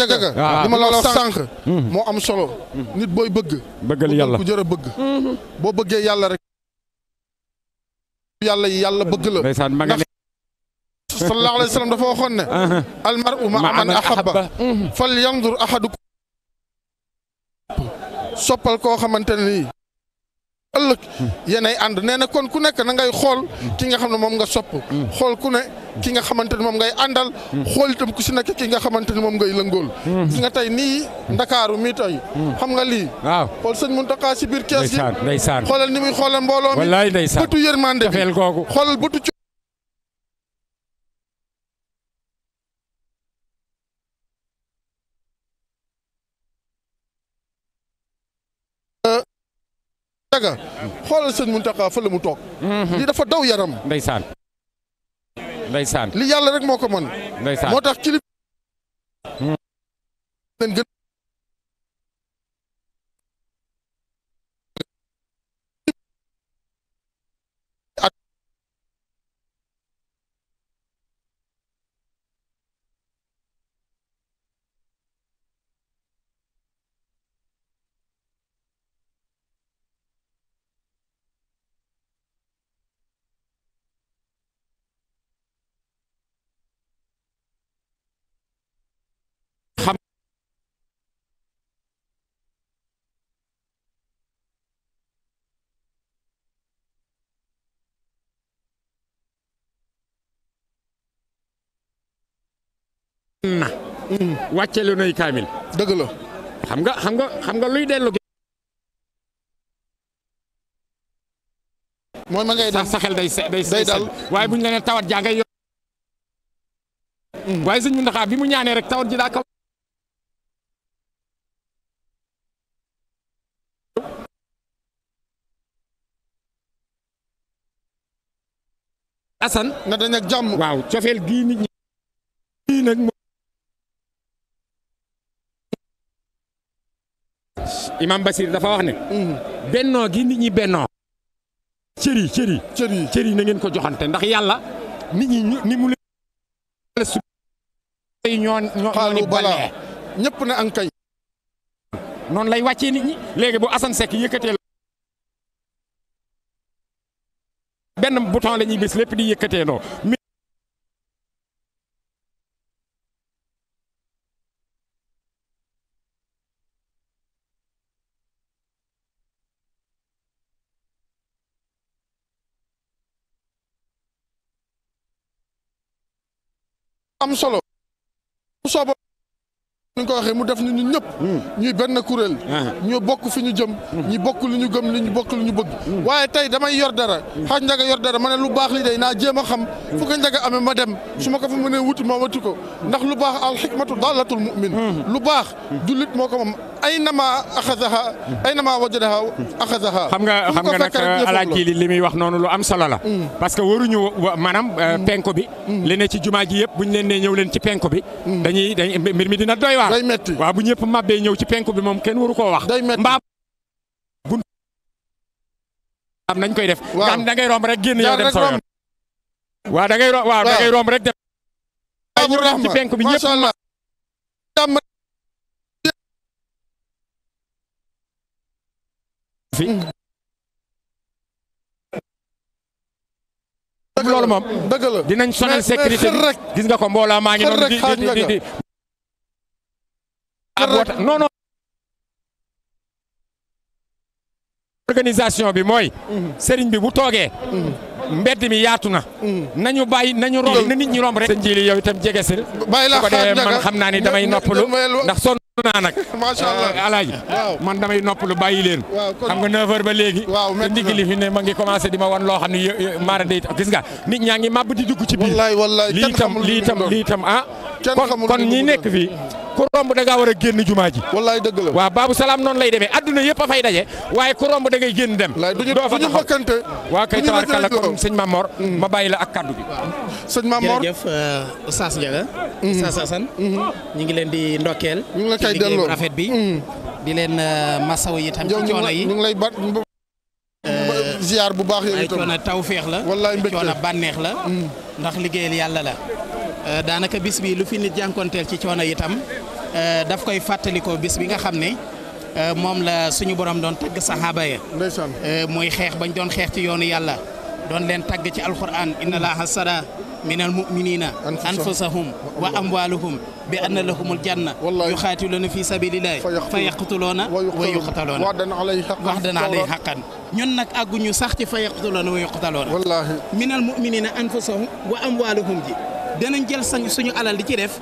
jagaga ah, ah. li ma la wax sànq moo am solo mm-hmm. nit booy bëgg bëggal yàlla ku jër a mm-hmm. bëggee yàlla rek yàlla yi yàlla bëgg la ndax sallallahu alayhi wa sallam dafa waxoon ne almaru ma man ahabba fal yandur ahadukum soppal koo xamante ne nii ëllëg yéenay ànd nee na kon ku nekk na ngay xool ki nga xam ne moom nga sopp xool ku ne ki nga xamante ni moom ngay àndal xool itam ku si nekk ki nga xamante ni moom ngay lëngool gis nga tey nii ndakaaru mii tey xam nga lii waaw xool sëñ Muntaxa si biir kees gi ndeysaan xoolal ni muy xoolal mbooloo mi bëtu yërmande bi xoolal bëtu Muntaxa xoolal sëñ Muntaxa a la mu toog. Mhm. li dafa daw yaram. ndeysaan ndeysaan. li yàlla rek moo ko mën. ndeysaan moo tax kilifa. Hmm. wàccee lu nuy kaamil. dëgg xam nga xam nga xam nga luy dellu. mooy ma ngay sax saxel day day day dal waaye bu ñu la nee tawat jaa ngay mm. waaye sëñ Muntaxa bi mu ñaanee rek tawat ji daa kaw. Assane na dañ ak jàmm waaw cofeel gii ñi nag Imam Basir dafa wax ne. bennoo gi nit ñi bennoo. cër yi cër yi. cër yi na ngeen ko joxante ndax yàlla nit ñi ni mu leen. ñoo ñoo ñoo balaa ñëpp na an kay. noonu lay wàcce nit ñi léegi bu Assane Seck yëkkatee benn bouton la ñuy bis di yëkkatee ndoo am solo sooba ñu ko waxee mu def ni ñu ñëpp hmm. ñuy benn kuréel ñu bokk fi ñu jëm hmm. ñi bokk lu ñu gëm li ñu bokk lu ñu bëgg hmm. waaye tey damay yor dara xaaj njaga yor dara ma ne lu baax li day naa jéem a xam fu ko njaga amee ma dem su ma ko fa mënee wuti ma wati ko ndax lu baax al xikmatu dalatul mu'min lu baax jullit moo ko moom aynama axasaha aynama wajadaha axasaha xam nga xam nga nag alaaji li li muy wax noonu lu am solo la mm. parce que waruñu maanaam euh, mm. penko bi mm. li ne ci jumaa ji yëpp bu ñu leen nee ñëw leen ci penko bi dañuy dañ mbir mi dina doy waar day metti waaw bu ñëpp màbbee ñëw ci penko bi moom kenn waru koo wax day metti mbaa bunt am nañ koy def nga xam da ngay romb rek génn yow dem sa yoon waaw da ngay romb waaw da ngay romb rek dem ñëw leen ci penko bi ñëpp fi. loolu moom dëgg dinañ sonal sécurité bi gis nga ko mbooloo maa ngi noonu di di di. non non. organisation bi mooy. Mm-hmm. sëriñ bi bu toogee. Mm-hmm. mbedd mi yaatu na. Mm-hmm. nañu bàyyi nañu romb na nit ñi romb rek. sëñ Jili yow itam jege si. bàyyi la xam naa ni damay noppalu ndax son. naa nag macha allah euh, alaaji man damay noppalu bàyyi leen xam nga 9h ba léegi te ndigli fi ne ma ngi commencé di ma wan loo xam ne maara day gis nga nit ñaa ngi màbb di dugg ci biir lii tam lii tam lii tam ah kon kon ñi nekk fii ku romb da war a génn jumaa ji. wallaay dëgg la waa Babou Salam noonu lay demee adduna yëpp a fay daje waaye ku romb da ngay génn dem. doo fa na waaw kay tabarkalla comme sëñ Mamor. Mm. ma bàyyi la ak kaddu bi. sëñ Mamor jërëjëf euh, Oustaz Ndiaga. Mm. Oustaz Assane. Mm-hmm. ñu ngi leen di ndokkeel. ñu ngi la kay delloo rafet bi. Mm. di leen euh, masawu yi tam ci coono yi ñu ngi lay bat euh, ziar bu baax yow itam ay coono tawféex la. wallaay mbégte coono bànneex la. ndax liggéeyal yàlla la Euh, daanaka bis bi lu fi nit jànkonteel ci coono itam euh, daf koy fàttalikoo bis bi nga xam ne euh, moom la suñu borom doon tagg saxaaba ya ndeysaan muy xeex bañ doon xeex ci yoonu yàlla doon leen tagg ci alquran inna laaha sada minal muminina anfusahum wa amwaluhum bi anna lahumul janna yuxaatiluna fi sabilillahi fa yaqtuluuna wa yuqtaluuna waxdan alayhi xaqan ñun nag àgguñu sax ci fa yaqtuluuna wa yuqtaluuna minal muminina anfusahum wa amwaluhum ji danañ jël sañ suñu alal di ci def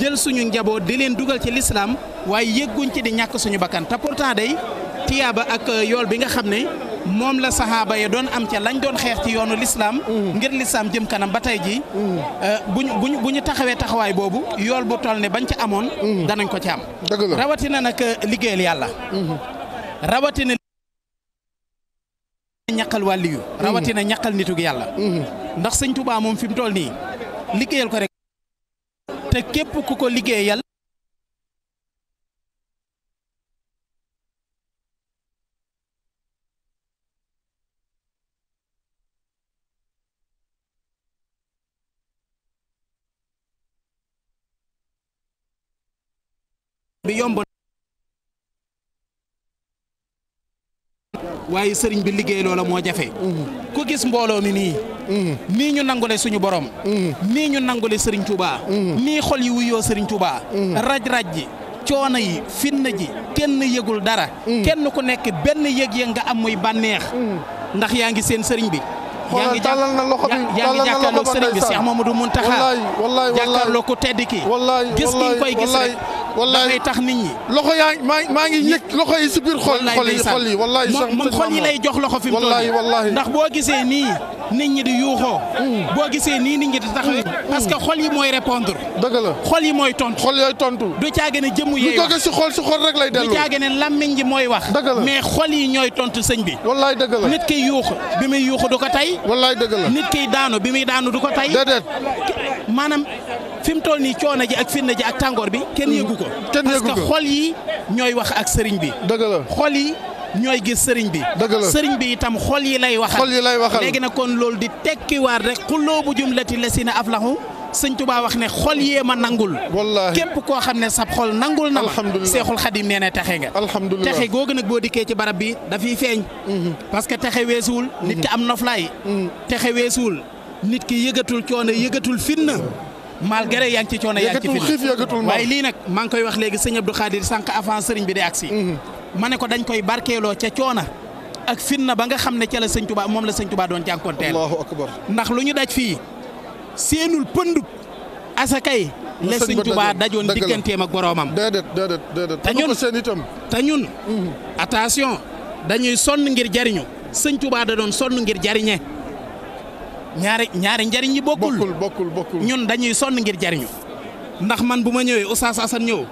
jël suñu njaboot di leen dugal ci lislaam waaye yëgguñ ci di ñàkk suñu bakkan te pourtant day tiyaaba ak euh, yool bi nga xam ne moom la saxaaba ya doon am ca lañ doon xeex ci yoonu lislaam mm. ngir lislaam jëm kanam ba tey jii buñ mm. euh, buñ bu ñu taxawee taxawaay boobu yool bu toll ne bañ ca amoon mm. danañ ko ci am rawatina nag euh, liggéeyal yàlla mm-hmm. rawatina ñaqal wàlliyu mm-hmm. rawatina ñaqal nitug yàlla mm-hmm. ndax sëñ Tuubaa moom fi mu toll nii liggéeyal ko rek te képp ku ko liggéeyal bi yomb waaye sëriñ bi liggéey loola moo jafe. ku gis mbooloo mi nii. nii ñu nangule suñu borom. nii ñu nangule sëriñ Touba. nii xol yi wuyoo sëriñ Touba. raj-raj ji. coono yi finna ji kenn yëgul dara kenn ku nekk benn yëg ya nga am muy bànneex ndax yaa ngi seen sëriñ bi yaa ngi tàllal na loxo bi yaa ngi jàkkaarloo sëriñ bi Cheikh Mamadou Mountakha jàkkaarloo ku tedd ki gis ki koy gis rek wallaay dafay tax nit ñi. loxo yaa maa maa ngi yëg loxo yi si biir xol. xol yi xol yi wallaay sax moom xol yi lay jox loxo fi mu toll ndax boo gisee nii nit ñi di yuuxoo. Hmm. boo gisee nii nit ñi di tax hmm. parce que xol yi mooy répondre. dëgg la xol yi mooy tont xol yooyu tontu. du caage ne jëmm yee wax lu jóge si xol si xol rek lay dellu. du caage ne lammiñ ji mooy wax. dëgg la mais xol yi ñooy tontu sëñ bi. wallaay dëgg la nit kiy yuuxu bi muy yuuxu du ko tey. wallaay dëgg la nit kiy daanu bi muy daanu du ko tey. déedéet maanaam fi mu toll nii coono ji ak fitna ji ak tàngoor bi kenn yëgu ko mm. parce que xol yi ñooy wax ak sëriñ bi dëgg la xol yi ñooy gis sëriñ bi sëriñ bi itam xol yi lay waxal léegi nag kon loolu di tekkiwaat rek xuloo bu jumlati la si na aflahu sëñ Tuba wax ne xol yee ma nangul. wallaahi képp koo xam ne sab xol nangul na ma. alhamdulilah seexul xadim nee na texe nga. alhamdulilah texe googu nag boo dikkee ci barab bi dafiy feeñ. Mm-hmm. parce que texe weesuwul. nit ki mm-hmm. am noflaay. Mm-hmm. texe weesuwul. nit ki yëgatul coono yëgatul fitna. malgré yaa ngi ci coono yaa ngi ci lii nag maa ngi koy wax léegi sëñ Abdou Khadir sànq avant sëriñ bi di agsi mhm. ma ne ko dañ koy barkeeloo ca coona ak fitna ba nga xam ne ca la sëñ Tuubaa moom la sëñ Tuubaa doon jànkonteel Allahu akbar ndax lu ñu daj fii seenul pëndub asakay la sëñ Tuubaa dajoon digganteem ak boroomam déedéet déedéet déedéet te ñun seen itam te ñun mhm. attention dañuy sonn ngir jariñu sëñ tubaa da doon sonn ngir jariñe ñaari ñaari njariñ yi bokkul bokkul bokkul ñun dañuy sonn ngir jariñu ndax man bu ma ñëwee oustaz Assane ñëw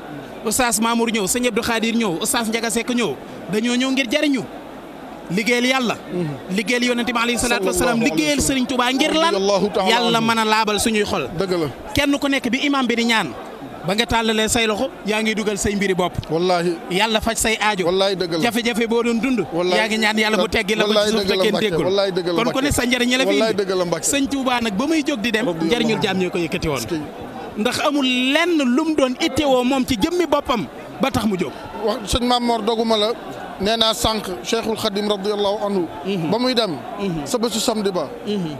oustaz Mamour ñëw sëñ Abdou Khadir ñëw oustaz Ndiaga Seck ñëw dañoo ñëw ngir jariñu liggéeyal yàlla mhm. liggéeyal yonente bi alayhi salaatu wasalaam liggéeyal sëriñ Touba ngir lan yàlla mën a laabal suñuy xol dëgg kenn ku nekk bi imam bi di ñaan ba nga tàllalee say loxo yaa ngi dugal say mbiri bopp wallaahi yàlla faj say aajo wallaahi dëgg la jafe-jafe boo doon dund yaa ngi ñaan yàlla mu teggi la ko ci suuf te kenn déggul kon ku ne sa njëriñ la fi indi sëñ Tuubaa nag ba muy jóg di dem njëriñul jaam ñoo ko yëkkati woon ndax amul lenn lu mu doon ittewoo moom ci jëmmi boppam ba tax mu jóg wax sëñ Maam Mor doguma la nee naa sànq Cheikhul Khadim radiyallahu anhu mhm. ba muy dem mhm. sa bésu samedi ba mhm.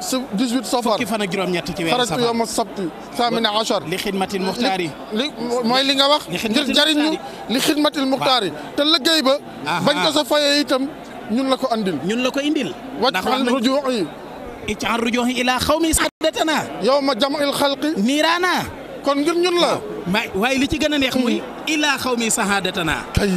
si 18 safar fukki fan ak juróom-ñett ci weeru safar xarajtu yawma sabti saamina achar li xidmatil muxtaar yi li mooy li nga wax ngir jariñ ñu li xidmatil muxtaar yi te liggéey ba bañ ko sa fayee itam ñun la ko andil ñun la ko indil ndax wax nañ i illa ij'al rujuuhi ilaa qawmi saadatana yawma jam'il xalqi niiraana kon ngir ñun la waaye li ci gën a neex muy hmm. ilaa qawmi saadatana kay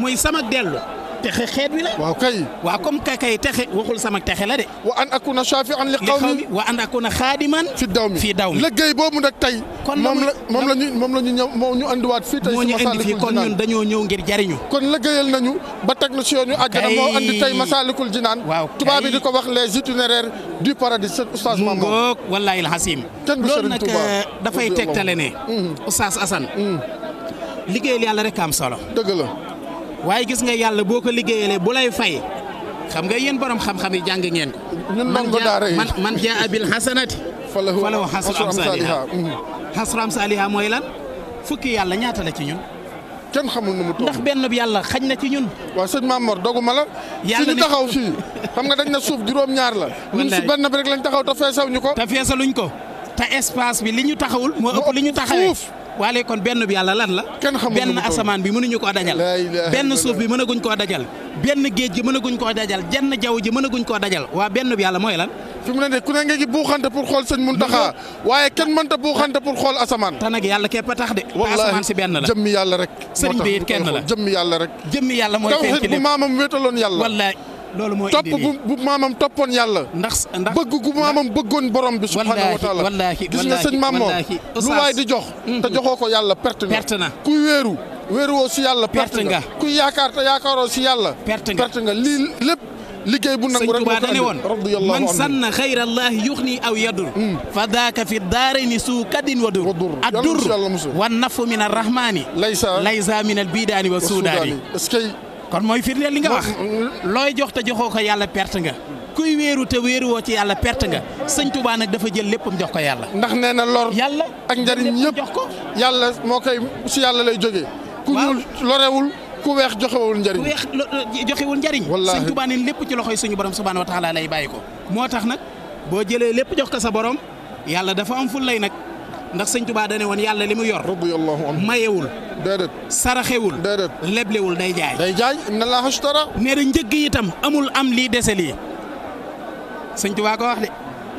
muy sama dellu texe xeet wi la. waaw kay. waaw comme kay texe waxul sama texe la de. wa an akuna shafi'an li qawmi wa an akuna xaadiman. fi daw mi fi daw mi liggéey boobu nag tey. kon moom la moom la ñu moom la ñu ñëw moo ñu andiwaat fii tey. moo ñu indi fii dañoo ñëw ngir jariñu. kon liggéeyal nañu ba teg na si yoon yu àjjana moo andi tey Masaalikul Jinaan. waaw kay tubaab bi di ko wax les itinéraires du paradis. seen oustaz Mamadou mu ngoog wallaahi alxasim. kenn du Serigne Touba loolu euh, nag dafay tegtale ne. oustaz Assane. Mm. liggéeyal yàlla rek am solo. dëgg la waaye gis nga yàlla boo ko liggéeyalee bu lay fay xam nga yéen boroom xam-xam yi jàng ngeen ko. ñun ndongo daara yi man man jaa abil xasanati. falahu xasram saaliha xasram saaliha mooy lan fukki yàlla ñaata la ci ñun. kenn xamul nu ndax benn yàlla xaj na ci ñun. waaw sëñ Mamor doguma la. yàlla ñu taxaw fii xam nga dañ na suuf juróom-ñaar la. ñun si benn bi rek lañ taxaw te feesaw ñu ko. te feesaluñ ko te espace bi li ñu taxawul. moo ëpp li ñu taxawee waale kon benn bi yàlla lan la benn asamaan bi mënuñu koo dajal benn suuf bi mënaguñ koo dajal benn géej gi mënaguñ koo dajal jenn jaw ji mënaguñ koo dajal waa benn bi yàlla mooy lan fi mu ne ne ku ne nga gi buuxante pour xool sëñ Muntaxa waaye kenn mënta buuxante pour xool asamaan te nag yàlla képp tax de asamaan si benn la jëmmi yàlla rek sëñ bi it kenn la jëmmi yàlla rek jëm yàlla mooy tawxiid bu maamam wéetaloon yàlla wallaay loolu moo topp gu bu maamam toppoon yàlla. ndax ndax bëgg gu maamam bëggoon borom bi. subhanahu wa taala wallaahi gis nga sëñ maam moom lu waay di jox. Mm-hmm. te joxoo ko yàlla perte na perte na ku wéeru. wéeruwoo si yàlla perte nga ku yaakaar te yaakaaroo si yàlla. perte nga perte nga lii lépp. liggéey bu nangu rek moo ko andi radiyallahu anhu man sanna xayra allahi yuxni aw yadur mm. fa daaka fi daarayni suu kadin wa dur addur wa nafu min arrahmani laysa laysa min albidaani wa suudaani kon mooy firndeel li nga wax mm-hmm. looy jox te joxoo ko yàlla perte nga kuy wéeru te woo ci yàlla perte nga sëñ Tuubaa dafa jël léppam jox ko yàlla ndax nee na lor yàlla ak njariñ yëpp jox ko yàlla moo koy si yàlla lay jóge ku lorewul ku weex joxewul njariñ ku weex joxewul njariñ sëñ Tuubaa ne lépp ci loxoy suñu borom subhaanahu wa taala lay bàyyi ko moo tax nag boo jëlee lépp jox ko sa borom yàlla dafa am ful lay nag ndax sëñ Tuubaa dane woon yàlla li mu yor radiyallahu anhu mayewul déedéet saraxewul déedéet leblewul day jaay day jaay inna allaha ashtara nee na njëgg itam amul am lii dese lii sëñ ko wax de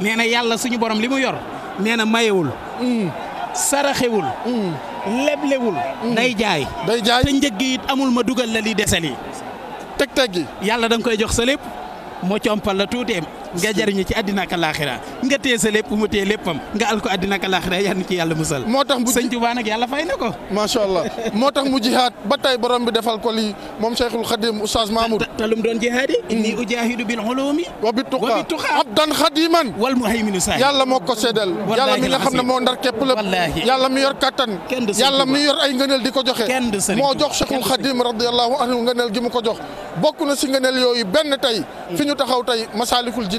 nee na yàlla suñu borom li mu yor nee na mayewul hmm. saraxewul hmm. leblewul hmm. day jaay day jaay te njëgg it amul ma dugal la lii dese lii teg teg yàlla da koy jox sa lépp moo compal la tuuteem nga jariñu ci àddina ak laaxira nga téye sa lépp mu téye léppam nga al àddina ak laaxira yal ci yàlla musal. moo tax mu jihaad ba tey borom bi defal ko lii moom Cheikhul Khadim Oustaz Mamour. te lu mu doon jihaadi. Mm. inni ujaahidu bil ulumi. wa bi tuqaa abdan xadiman wal muhayminu saay yàlla moo ko seddal. yàlla mi nga xam ne moo ndar képp lépp. yàlla mi yor kattan. yàlla mi yor ay ngëneel di ko joxe. moo jox Cheikhul Khadim radiyallahu anhu ngëneel gi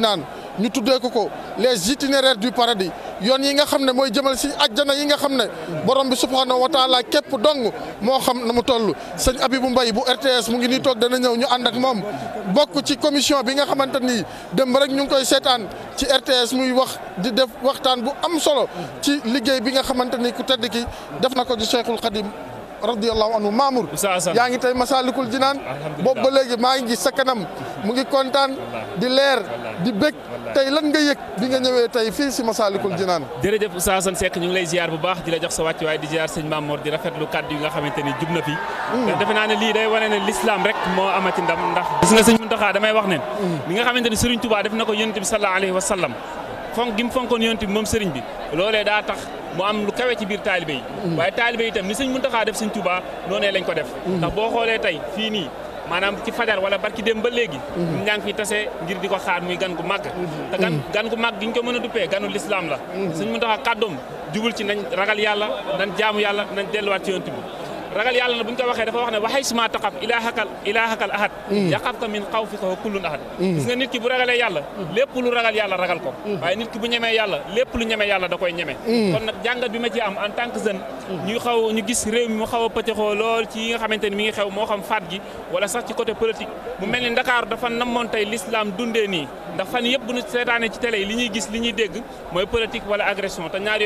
naan ñu tuddee ko ko les itinéraires du paradis yoon yi nga xam ne mooy jëmal si ajjana yi nga xam ne borom bi subhanahu wa taala képp dong moo xam na mu toll sëñ bu mbay bu RTS mu ngi nii toog dana ñëw ñu ànd ak moom bokk ci commission bi nga xamante ni dem rek ñu ngi koy seetaan ci RTS muy wax di def waxtaan bu am solo ci liggéey bi nga xamante ni ku tedd ki def na ko ci Cheikhul Khadim radiyallahu anhu Mamour yaa ngi tey Masalikul Jinaan boobu ba léegi maa ngi gis sa kanam mu ngi kontaan di leer di bég tey lan nga yëg bi nga ñëwee tey fii si Masalikul Jinaan jërëjëf Oustaz Assane Seck ñu ngi lay ziar bu baax di la jox sa wàcc waaye di ziar sëñ Mamour di rafetlu kàddu yi nga xamante ni jub na fi mm. defe naa ne lii day wane ne lislaam rek moo amati ndam ndax gis nga sëñ Muntaxa damay wax ne mm. li nga xamante ni Sëriñ Tuubaa def na ko yonent bi sallallahu alayhi wa sallam fonk gi mu fonkoon yonent bi sëriñ bi mu am lu kawe ci biir taalibe yi mm. waaye taalibe yi itam ni sëñ Muntaxa def sëñ Tuubaa noonee lañ ko def mm. ndax boo xoolee tey fii nii maanaam ci fajar wala barki dem ba léegi mm. ñu ngi fi tase ngir di ko xaar muy gan gu màgg te gan gan gu màgg giñ ko mën a duppee ganu lislaam la sëñ Muntaxa kàddoom jubul ci nañ ragal yàlla nan jaamu yàlla nañ delluwaat ci yonent bi ragal yàlla na bu ñu ko waxee dafa wax ne waxay suma taqaf ilaahakal ilaahakal ahad hmm. yaqafka min xawfika wa kullun ahad hmm. gis nga nit ki bu ragalee yàlla hmm. lépp lu ragal yàlla ragal ko waaye nit ki bu ñemee yàlla lépp lu ñemee yàlla da koy ñeme kon jàngat bi ma ci am en tant ñu gis réew mi mu xaw a pëccëxoo ci yi nga xamante mi ngi xew moo xam faat gi wala sax ci côté politique mu mel ni Ndakaaru dafa namoon tey l'islam dundee nii li ñuy li ñuy dégg mooy politique wala agression te ñaar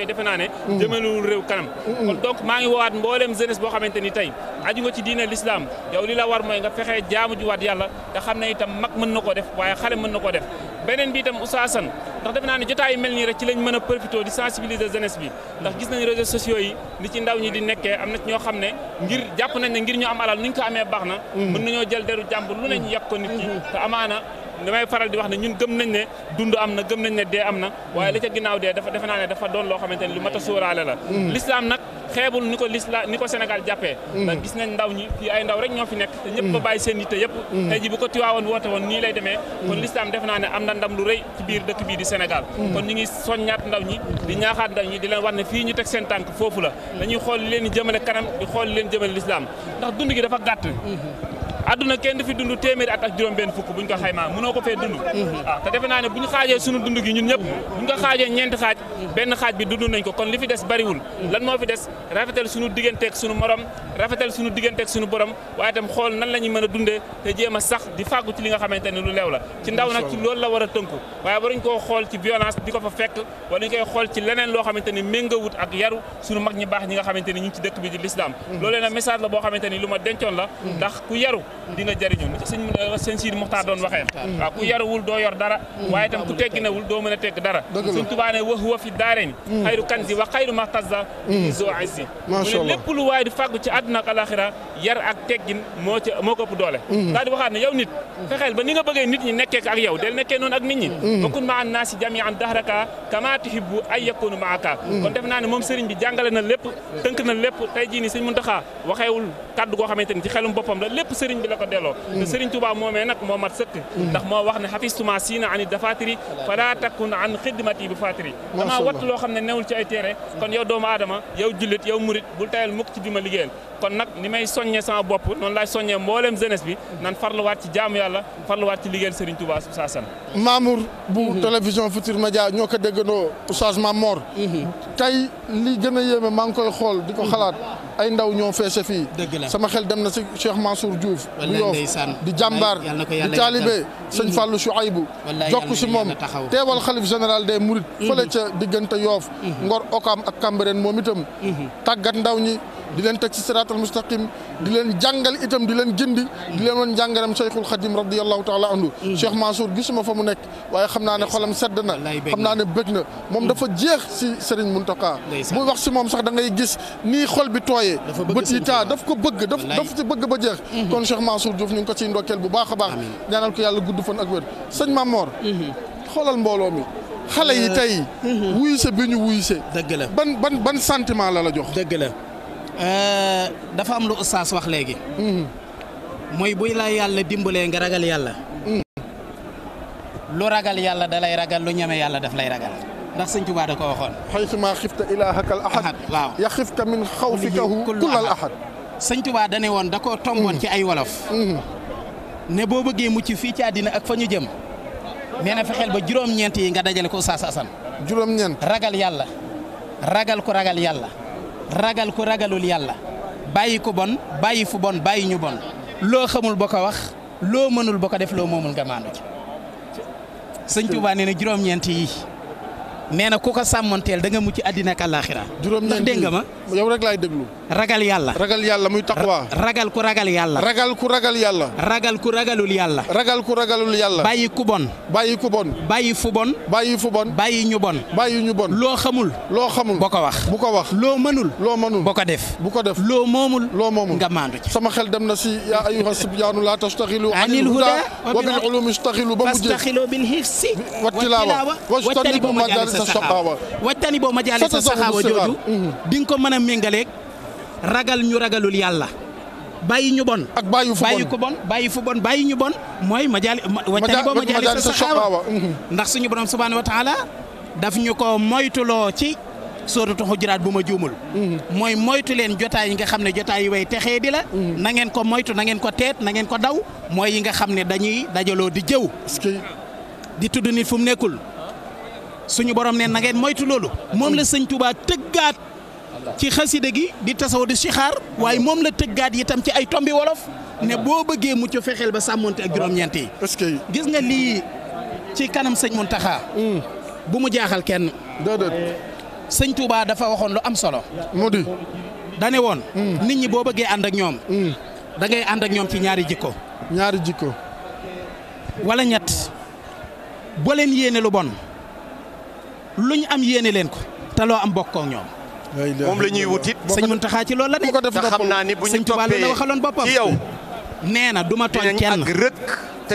xamante ni tey aju nga ci diine lislaam yow li la nga fexee jaamu juwaat yàlla xam na itam mag mën na koo def waaye xale mën na koo def beneen bi itam usaasan ndax defe naa ne jotaay yu mel nii rek ci lañ mën a profité di sensibiliser jeunesse bi ndax gis nañ réseaux sociaux yi li ci ndaw ñi di nekkee am na ci ñoo xam ne ngir jàpp nañ na ngir ñu am alal nuñ ko amee baax na mm-hmm. mën nañoo jël deru jàmbur lu ne ñu yàq ko nit mm-hmm. amaana damay faral di wax ne ñun gëm nañ ne dund am na gëm nañ ne dee am na waaye la ca ginnaaw dee dafa defe naa ne dafa doon loo xamante ne lu mat a sóoraale la mm. l'islam nag xeebul ni ko l'islam ni ko Sénégal jàppee mm. ndax gis nañ ndaw ñi fii ay ndaw rek ñoo fi nekk te ñëpp ba mm. bàyyi seen yitte yëpp tey ji bu ko tiwaawoon woote woon nii lay demee kon l'islam defe naa ne am na ndam lu rëy ci biir dëkk bii di Sénégal kon ñu ngi soññaat ndaw ñi di ñaaxaat ndaw ñi di leen wax ne fii ñu teg seen tànk foofu la dañuy xool leen jëmale kanam di xool leen jëmale l'islam ndax dund gi dafa gàtt mm-hmm. àdduna kenn du fi dund téeméeri at ak juróom benn fukk buñ ko xaymaa mënoo ko fee dund waaw mhm. ah, te defe naa ne bu ñu xaajee sunu dund gi ñun ñëpp buñ ko xaajee ñeenti xaaj mhm. benn xaaj bi dund nañ ko kon li fi des bariwul mhm. lan moo fi des rafetal sunu digganteeg sunu morom rafetal sunu digganteeg sunu borom waaye itam xool nan la ñuy mën a dundee te jéem a sax di fàggu ci li nga xamante ne lu leew la ci ndaw na ci loolu la war a tënku waaye waruñ koo xool ci violence ko fa fekk wala koy xool ci leneen loo xamante ne méngawut ak yaru sunu mag ñi baax ñi nga xamante ne ñi ngi ci dëkk bi di lislaam loolee nag message la boo xamante ni lu ma dencoon la ndax ku di nga jëriñu ni ci sëñ sëñ Sidi Muxtaar doon waxee waaw ku yarawul doo yor dara mm. waaye itam ku tegginawul doo mën a tegg dara sëñ Tuubaa ne wax wa fi daareni mm. xayru kanzi wa xayru maxtaza mm. zo azzi mu ne lépp lu waaye di fàggu ci àdduna ak alaxira yar ak teggin moo ca moo ko ëpp doole daal di waxaat ne yow nit fexeel ba ni bëggee nit ñi nekkee ak yow del nekkee noonu ak ñi bokkun ma an naa ne moom sëriñ bi jàngale na lépp tënk bi la ko delloo mm. te Serigne Touba moomee nag moo mat sëkk mm. ndax moo wax ne xafistuma siina ani dafatiri fala takun an xidmati bi fatiri damaa watt loo xam ne newul ci ay téere kon yow doomu aadama yow jullit yow murit bul tayal mukk ci di ma kon nag ni may soññee sama bopp noonu laay soññee mboolem jeunesse bi nan farluwaat ci jaamu yàlla farluwaat ci liggéeyal Serigne Touba saasan Mamour bu mm-hmm. télévision Futur Média ñoo ko déggandoo Oustaz Mamor mm-hmm. tey li gën a yéeme maa ay ndaw ñoo feese fii sama xel dem na si Cheikh Mansour Diouf bu yoof di jàmbaar di taalibe sëñ mm. Fallou Chouaïbou jokk si moom teewal mm. xalif général des Mourides mm. fële ca diggante yoof mm-hmm. Ngor Okam ak Cambérène moom itam mm-hmm. tàggat ndaw ñi di leen teg ci siraatal mustaqim di leen jàngal itam di leen gindi di leen woon njàngaram Cheikhul Khadim radiyallahu taala anhu mm-hmm. Cheikh Mansour gisuma fa mu nekk waaye xam naa ne xolam sedd na xam naa ne bëgg na moom dafa jeex si Serigne Mountakha bu wax si moom sax da ngay gis nii foyer bët yi taa daf ko bëgg daf daf bëgg ba jeex mhm. kon Cheikh Mansour Diouf ñu ngi ko ciy ndokkeel bu baax a baax ñaanal ko yàlla gudd fan ak wér sëñ Mamor mhm. xoolal mbooloo mi xale yi euh, tey mhm. wuyuse bi ñu wuyuse dëgg la ban ban ban sentiment la la jox dëgg la euh, dafa am lu ustaas wax léegi mooy buy la yàlla dimbalee nga ragal yàlla lu ragal yàlla dalay ragal lu ñeme yàlla daf lay ragal ndax sëñ Tuubaa da ko waxoon xaysuma xifta ilaahakal ahad waaw yaxifka min xawfikahu kullal ahad sëñ Tuubaa dane woon da koo tomboon mm-hmm. ci ay wolof mm-hmm. ne boo bëggee mucc fii ci àddina ak fa ñu jëm nee na fexeel ba juróom-ñeent yi nga dajale ko Oustaz Assane juróom-ñeent ragal yàlla ragal ku ragal yàlla ragal ku ragalul yàlla bàyyi ku bon bàyyi fu bon bàyyi bon loo xamul boo ko wax loo mënul boo ko def loo moomul nga maandu ci sëñ na juróom-ñeent yi nee na ku ko sàmmanteel da nga mucc àddina ak àllaaxira ndax dégg nga ma yow rek laay déglu ragal yàlla ragal yàlla muy taqwa ragal ku ragal yàlla ragal ku ragal yàlla ragal ku ragalul yàlla ragal ku ragalul yàlla bàyyi ku bon bàyyi ku bon bàyyi fu bon bàyyi fu bon bàyyi ñu bon bàyyi ñu loo xamul loo ko wax ko wax loo mënul loo mënul bu ko def bu ko loo moomul loo moomul nga maandu ci sama xel dem na si yaa ayyuha sibyaanu laa tastaxilu anil huda wa bil ulumi istaxilu ba mujjee fastaxilu bil hifsi wa tilaawa sa saxaawa wattani boo majaale sa saxaawa jooju mhm. di nga ko mën a méngaleeg ragal ñu ragalul yàlla bàyyi ñu bon ak bàyyi fu bon bàyyi ko bon bàyyi fu bon bàyyi ñu bon mooy majaali wattani boo majaale sa saxaawa mhm. ndax suñu borom subhaanahu wa taala daf ñu ko moytuloo ci sóoratu xujuraat bu ma juumul mhm. mooy moytu leen jotaay yi nga xam ne jotaay yi way texee di la na ngeen ko moytu na ngeen ko teet nangeen ko daw mooy yi nga xam ne dañuy dajaloo di jëw di tudd nit fu mu nekkul suñu borom ne na ngeen moytu loolu moom la sëñ Touba tëggaat ci xasida gi di tasaw di sixaar waaye moom la tëggaat itam ci ay tombi wolof ne boo bëggee mucc fexeel ba sàmmonte ak juróom-ñeent yi. gis nga lii ci kanam sëñ Mountakha. Hmm. bu mu jaaxal kenn. déedéet. sëñ Touba dafa waxoon lu am solo. mu di. dane woon. Hmm. nit ñi boo bëggee ànd ak ñoom. Hmm. dangay ngay ànd ak ñoom ci ñaari jikko. ñaari jikko. wala ñett boo leen lu bon. lu ñu am yéene leen ko te loo am bokkoo ñoom. moom la ñuy wutit sëñ Muntaxa ci loolu la ne te xam naa ni bu ñu toppee la waxaloon boppam ci yow nee na du ma tooñ kenn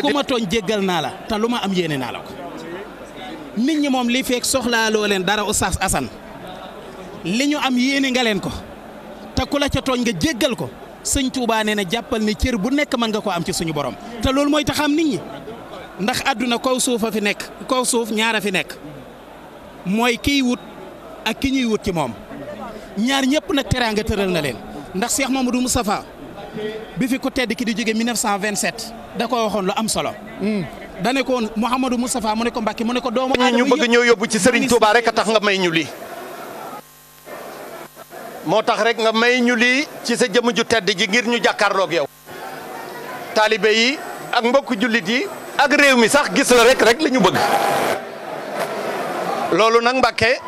ku ma tooñ jéggal naa la te lu ma am yéene naa la ko nit ñi moom li feek soxlaaloo leen dara Oustaz Assane li ñu am yéene nga leen ko te ku la ca tooñ nga jéggal ko sëñ Touba na jàppal ni cër bu nekk mën nga ko am ci suñu borom te loolu mooy taxam nit ñi ndax àdduna kaw suuf a fi nekk kaw suuf ñaara fi nekk mooy kiy wut ak ki ñuy wut ci moom ñaar ñëpp nag teraanga tëral na leen ndax Cheikh Mamadou Moustapha bi fi ko tedd ki di jóge 1927 da ko waxoon lu am solo. Hmm. da nekkoon ko woon Mouhamadou Moustapha mu ne ko Mbacke mu ne ko doomu aadama ñu bëgg ñoo yóbbu ci Serigne Touba rek a tax may ñu lii. moo tax rek nga may ñu lii ci sa jëmm ju tedd ji ngir ñu jàkkaarloog yow. taalibe yi ak mbokk jullit yi ak réew mi sax gis la rek rek la ñu bëgg. loolu nag Mbàkke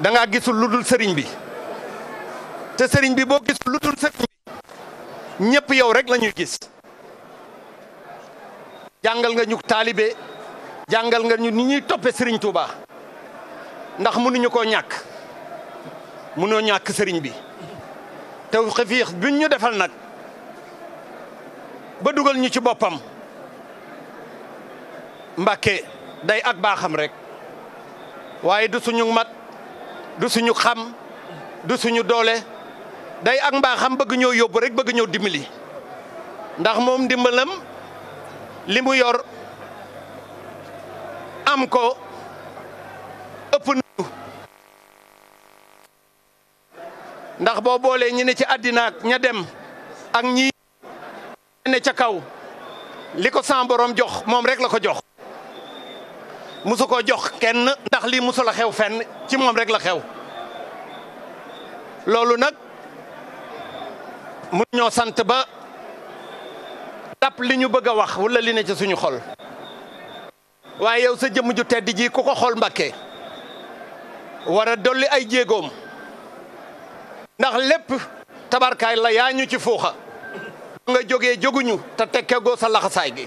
da ngaa gisul lu dul sëriñ bi te sëriñ bi boo gisul lu dul sëriñ bi ñëpp yow rek lañuy gis jàngal nga ñu taalibe jàngal nga ñu ni ñuy toppe sëriñ Touba ndax mënuñu koo ñàkk noo ñàkk sëriñ bi te xëfiix bi ñu defal nag ba dugal ñu ci boppam Mbàkke day ak baaxam rek waaye du suñu mat du suñu xam du suñu doole day ak mbaaxam bëgg ñoo yóbbu rek bëgg ñoo dimbali ndax moom dimbalam li mu yor am ko ëpp ndax boo boolee ñi ne ci àddina ña dem ak ñi ne ca kaw li ko san borom jox moom rek la ko jox musu koo jox kenn ndax lii musu la xew fenn ci moom rek la xew loolu nag mun ñoo sant ba dàpp li ñu bëgg a wax wala li ne ci suñu xol waaye yow sa jëmm ju tedd ji ku ko xol Mbàkke war a dolli ay jéegoom ndax lépp tabarkaay la yaa ñu ci fuuxa nga jógee jóguñu te tekkegoo sa laxasaay gi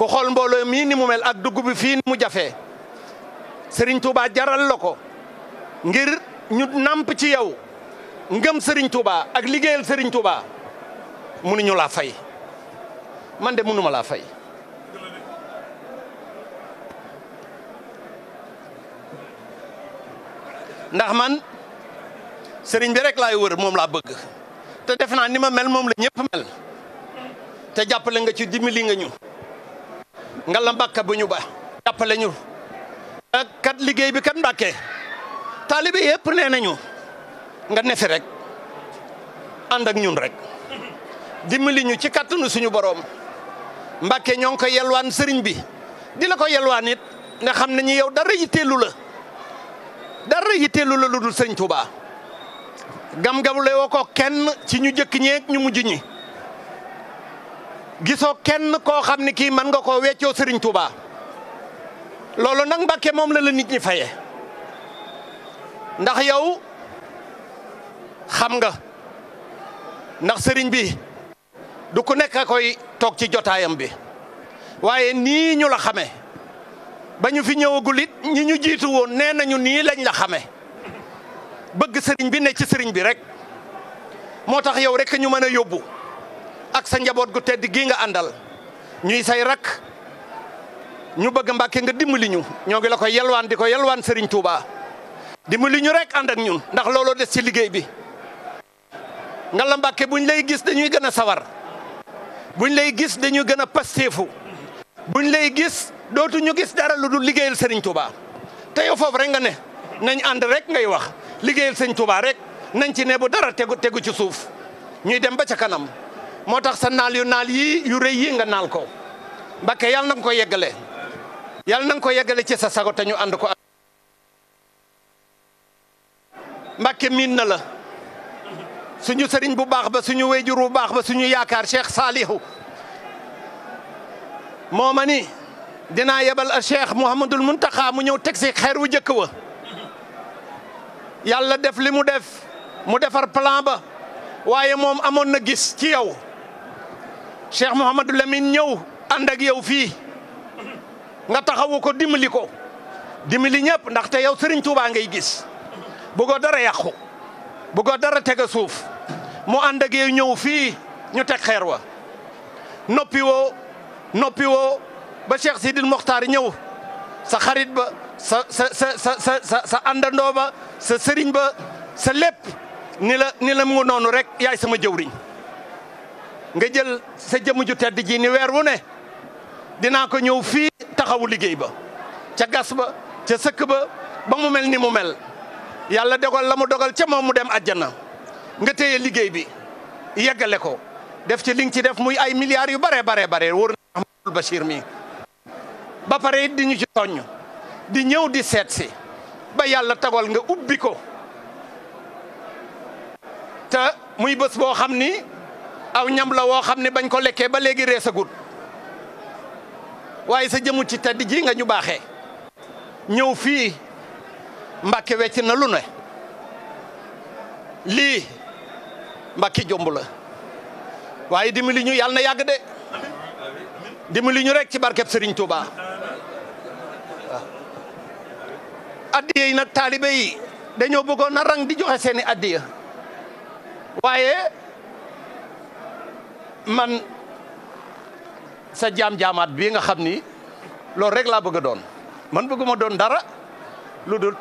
ku xool mbooloo mii ni mu mel ak dugg bi fii ni mu jafe sëriñ Touba jaral la ko ngir ñu namp ci yow ngëm sëriñ Touba ak liggéeyal Serigne Touba mënuñu laa fay man de mënuma laa fay. ndax man sëriñ bi rek laay wër moom laa bëgg te def naa ni ma mel moom la ñëpp mel te jàppale nga ci dimbali nga ñu. nga la mbàkka bu ñu ba jàppale ñu kat liggéey bi kat mbàkke taalibe yëpp nee nañu nga nefi rek ànd ak ñun rek dimbali ñu ci kattanu suñu boroom mbàkke ñoo ngi ko yelwaan sëriñ bi di la ko yelwaan it nga xam ne ñi yow dara yitteelu la dara yitteelu la lu dul sëriñ Tuubaa gam-gam la ko kenn ci ñu jëkk ñeeg ñu mujj ñi gisoo kenn koo xam ni kii mën nga koo weccoo sëriñ Touba loolu nag Mbàkke moom la la nit ñi faye ndax yow xam nga ndax sëriñ bi du ku nekk koy toog ci jotaayam bi waaye nii ñu la xame ba ñu fi ñëwagul it ñi ñu jiitu woon nee nañu nii lañ la xame bëgg sëriñ bi ne ci sëriñ bi rek moo tax yow rek ñu mën a yóbbu ak sa njaboot gu tedd gii nga àndal ñuy say rakk ñu bëgg Mbàkke nga dimbali ñu ñoo ngi la ko yalwaan di ko yalwaan Serigne Touba dimbali ñu rek ànd ak ñun ndax looloo des ci liggéey bi. nga la Mbàkke buñ lay gis dañuy gën a sawar buñ lay gis dañuy gën a pastéefu buñ lay gis dootuñu gis dara lu dul liggéeyal Serigne Touba tey yow foofu rek nga ne nañ ànd rek ngay wax liggéeyal Serigne Touba rek nañ ci ne bu dara tegu tegu ci suuf ñuy dem ba ca kanam. moo tax sa naal yu naal yii yu rëy yii nga naal ko Mbàkke yàlla na ko yeggale yàlla na ko yeggale ci sa sago te ñu ànd ko ak Mbàkke miin na la suñu sëriñ bu baax ba suñu wéyjur wu baax ba suñu yaakaar Cheikh Saalihu moo ma ni dinaa yebal a Cheikh Mouhamadul Muntaxa mu ñëw teg si xeer wu njëkk wa yàlla def li mu def mu defar plan ba waaye moom amoon na gis ci yow Cheikh Mouhamadou Lamine ñëw ànd ak yow fii nga taxawu ko dimbali ko dimbali ñëpp ndaxte yow Serigne Touba ngay gis bu ko dara yàqu bu ko dara teg a suuf mu ànd ak yow ñëw fii ñu teg xeer wa noppi woo noppi woo ba Cheikh Sidil Mokhtar ñëw sa xarit ba sa sa sa sa sa sa àndandoo ba sa sëriñ ba sa lépp ni la ni la mu noonu rek yaay sama jëwriñ nga jël sa jëmm ju tedd ji ni weer wu ne dinaa ko ñëw fii taxawu liggéey ba ca gas ba ca sëkk ba ba mu mel ni mu mel yàlla dogal la mu dogal ca moom mu dem àjjana nga téye liggéey bi yeggale ko def ci li nga ci def muy ay milliards yu bare bare bare wóor na Ahmadul Bachir mi ba pare it di ñu ci soññ di ñëw di seet si ba yàlla tagal nga ubbi ko te muy bés boo xam ni aw ñam la woo xam ne bañ ko lekkee ba léegi reesagut waaye sa jëmu ci tedd ji nga ñu baaxee ñëw fii Mbàkke wecc na lu ne lii Mbàkke jomb la waaye dimbali ñu yàlla na yàgg de dimbali ñu rek ci barkeb Sëriñ Tuubaa addiya yi nag taalibe yi dañoo bëggoon a rang di joxe seeni addiya waaye man sa jaam-jaamaat bii nga xam ni loolu rek laa bëgg doon man bëgguma doon dara lu dul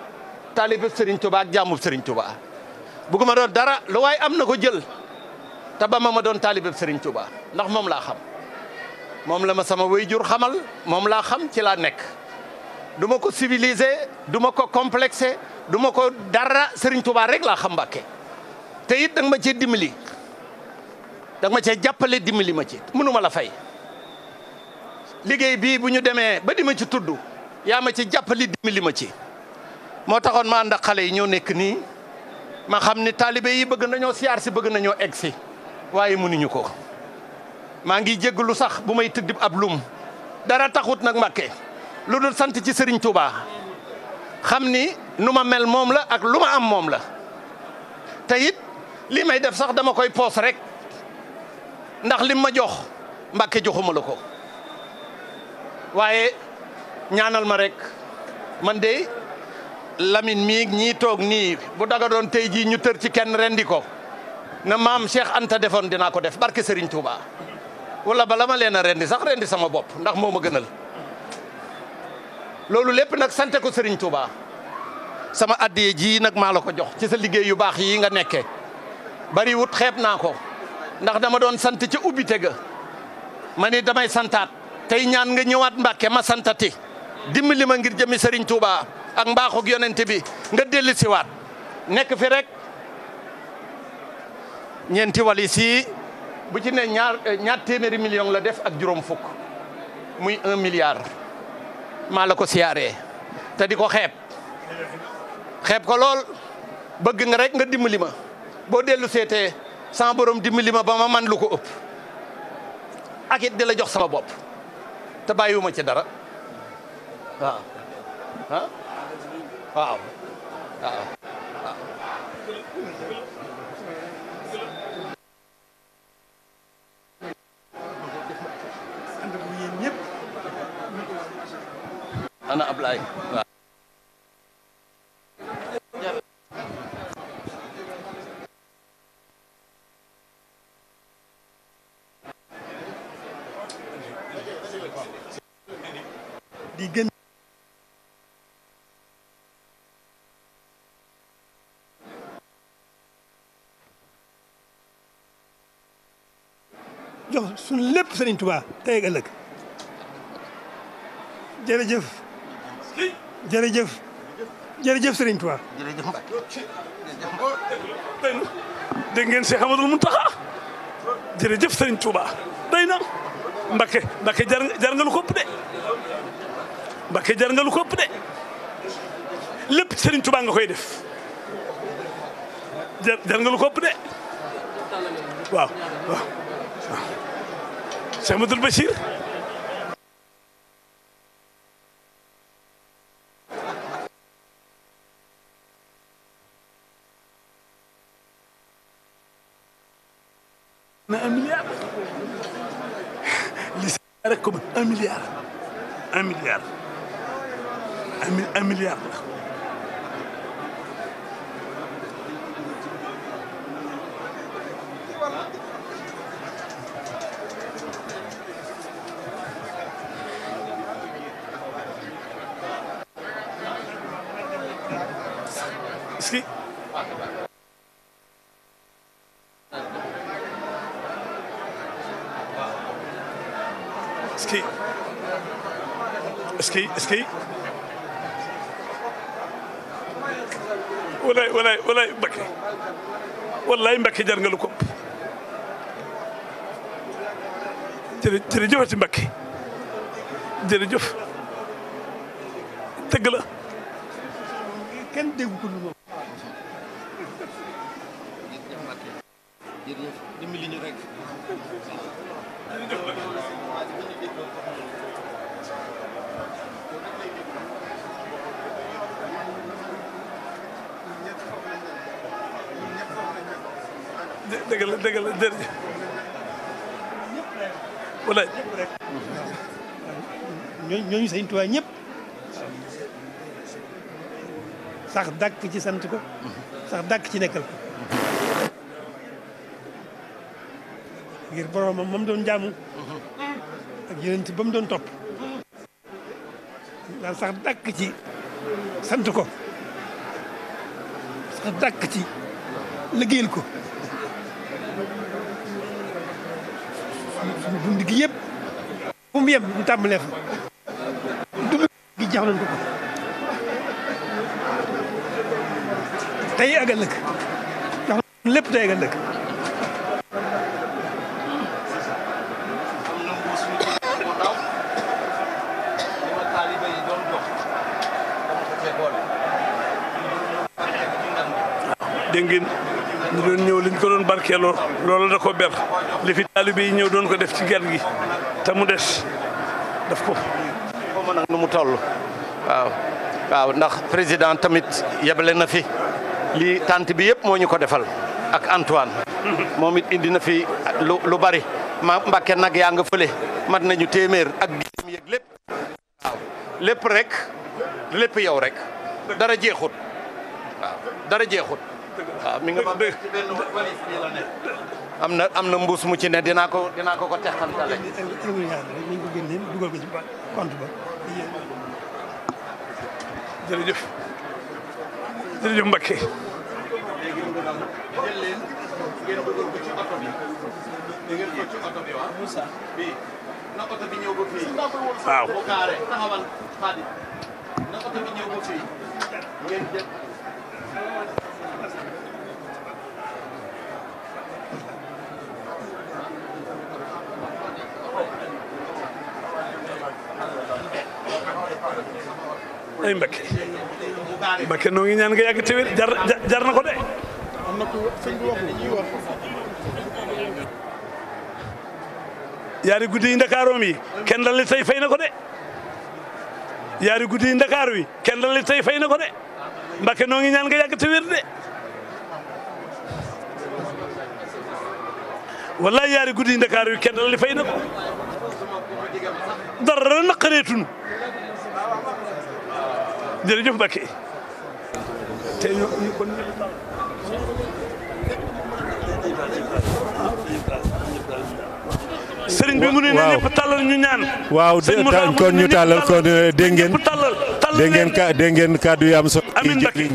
taalibeb sëriñ Tuubaa ak jaamub sëriñ Tuubaa bëgguma doon dara lu waaye am na ko jël te ba ma ma doon taalibeb sëriñ Tuubaa ndax moom laa xam moom la ma sama waajur xamal moom laa xam ci laa nekk duma ko civilisé du ma ko complexé duma ko dara sëriñ Tuubaa rek laa xam Mbàkke te it ma cee dimbali dama ma cee jàppale dimbali ma ci mënuma la fay liggéey bii bu ñu demee ba di ma ci tudd yaa ma ci jàppale dimbali ma ci moo taxoon ma ànd ak xale yi ñoo nekk nii ma xam ni taalibe yi bëgg nañoo siyaar si bëgg nañoo egg si waaye mënuñu ko maa ngi jégalu sax bu may tëdd ab lum dara taxut nag Mbàkke lu dul sant ci Serigne Touba xam ni nu ma mel moom la ak lu ma am moom la te it li may def sax dama koy poos rek ndax lim ma jox Mbàkke joxuma la ko waaye ñaanal ma rek man de Lamine mii ñii toog nii bu daga doon tey jii ñu tër ci kenn rendi ko na maam Cheikh Anta defoon dinaa ko def barke Serigne Touba wala bala ma leen a rendi sax rendi sama bopp ndax moo ma gënal loolu lépp nag sante ko sëriñ Touba sama ye jii nag maa la ko jox ci sa liggéey yu baax yii nga nekke bari wut xeeb naa ko. ndax dama doon sant ci ubbite ga ma ni damay santaat tey ñaan nga ñëwaat mbake ma santati dimbali ma ngir jëmi Serigne Touba ak mbaaxug yonente bi nga dellu waat nekk fi rek ñeenti walis yi bu ci ne ñaar téeméeri million la def ak juróom fukk muy un milliard maa la ko siyaaree te di ko xeeb xeeb ko lool bëgg nga rek nga dimbali ma boo dellu seetee sama borom dimbali bama man lu ko ëpp ak it di la jox sama bopp te bàyyiwuma ci dara waaw ah waaw waaw ana di gën lépp sëriñ Tuubaa tey ak ëllëg jërëjëf jërëjëf jërëjëf sëriñ Tuubaa dégg ngeen Cheikh Amadou Mountakha jërëjëf sëriñ Tuubaa day na Mbakke Mbakke jar nga lu ko ëpp de Mbakke jar nga lu ko ëpp de lépp Serigne Touba nga koy def jar nga lu ko ëpp de waaw waaw Cheikh Madou Bachir Mbacke jar nga lu ko jërëjëf jërëjëfati Mbacke jërëjëf. dàkk ci sant ko sax dàkk ci nekkal ko ngir boroomam moom doon jaamu ak yonent ba mu doon topp daal sax dàkk ci sant ko sax dàkk ci liggéeyal ko suñu dund gi yëpp fu mu yem mu tàmbalee fa gi jax ko tey ak ëllëg ndax doon ñëw liñ ko doon barkeeloo loolu da ko ber li fi ñëw doon ko def ci ger gi te mu des daf ko ko mën nu mu toll waaw waaw ndax président tamit yebale na fi lii tànt bi yëpp moo ñu ko defal ak Antoine. moom it indi na fi lu lu bari ma nag yaa nga fële mat nañu téeméer ak gis yëg lépp lépp rek lépp yow rek dara jeexut dara jeexut. mi nga am na am na mbuus mu ci ne dinaa ko dinaa ko ko texantale. jërëjëf. jërëjëf Mbacke. waaw. ay Mbacke. Mbakke noo ngi ñaan nga yàgg téwér jar jar na ko de yaari guddi yi ndakaaroom yi kenn la li fay na ko de yaari guddi yi ndakaar wi kenn la li fay na ko de Mbakke noo ngi ñaan nga yàgg téwér de wallaay yaari guddi yi ndakaar wi kenn la li fay na ko dara naqareetunu jërëjëf Mbakke sëriñ bi mu ne na tàllal ñu ñaan. waaw kon ñu tàllal kon euh, dégg ngeen. dégg ngeen ka dégg ngeen kàddu yi am solo. amiin Mbakke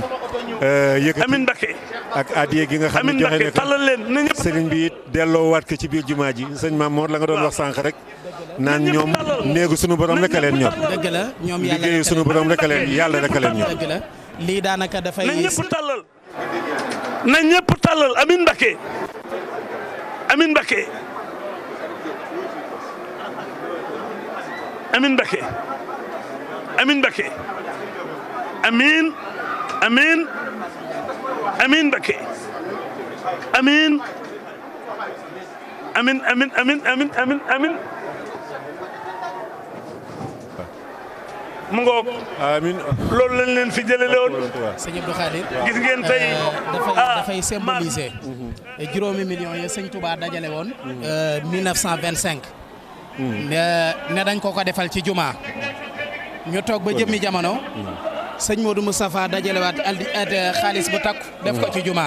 euh, yëkkati ak addiya gi nga xam ne joxe ne ko sëriñ bi delloo waat ko ci biir jumaa ji sëñ Maam Mor la nga doon wax sànq rek. naan ñoom néegu sunu borom rek a leen ñor. dëgg la ñoom yàlla rek liggéeyu sunu borom rek a leen yàlla rek a leen ñor. lii daanaka dafay. na ñëpp tàllal na ñëpp tàllal Amin Mbakke Amin Amin Mbakke Amin Amin Amin Amin Amin Amin Amin. mu ngoog. amiin loolu lañ leen fi jëlee woon. sëñ Abdou Khadir. gis ngeen tey. Eh, dafay ah, dafay symboliser. Eh, juróomi millions yi sëñ Touba dajale woon. 1925. Eh, ne dañ ko ko defal ci jumaa ñu toog ba jëmmi jamono. sëñ Modou Moustapha dajalewaat aldi xaalis bu takku. def ko ci juma.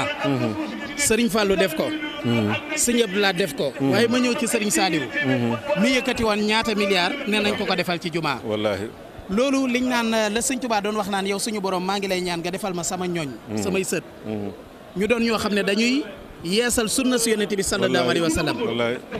sëriñ Fallou def ko. sëñ Abdoulaye def ko. waaye ma ñëw ci sëriñ Saliou. mi yëkkati woon ñaata milliards ne nañ ko ko defal ci juma. loolu liñ naan euh, la sëñ Tuubaa doon wax naan yow suñu borom maa ngi lay ñaan nga defal ma sama ñooñ mm-hmm. samay sët mm-hmm. ñu doon ñoo xam ne dañuy yeesal sunna su yonente bi sallallahu alayhi wa sallam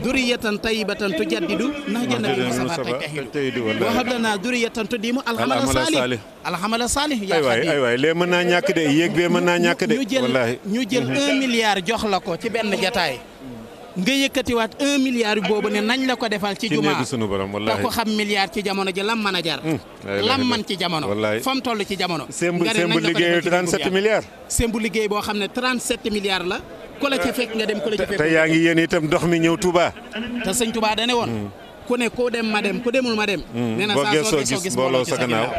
duriyatan tayibatan tujaddidu nahjanabi mustafa taytahidu wa hab lana duriyatan tudimu alhamala saalih alhamala saalih yaa xadim ay waay lee mën naa ñàkk de yéeg bee mën naa ñàkk de ñu jël ñu jël mm-hmm. jox la ko ci benn jataay nga yëkkatiwaat un milliard boobu ne nañ la ko defal ci jumaa te ko xam milliard ci jamono ji lam mën a jar hmm, lam man ci jamono fam toll ci jamono nga ne nañ la ko defal ci 37 milliards sembu liggéey boo xam ne 37 milliards la ku la ci fekk nga dem ku la ci fekk te yaa ngi yéen itam dox mi ñëw Touba te sëñ Touba woon hmm. ku ne ku dem ma dem ku demul ma dem. Hmm. nee na saa soo gisoo gis mbooloo ci sa ginnaaw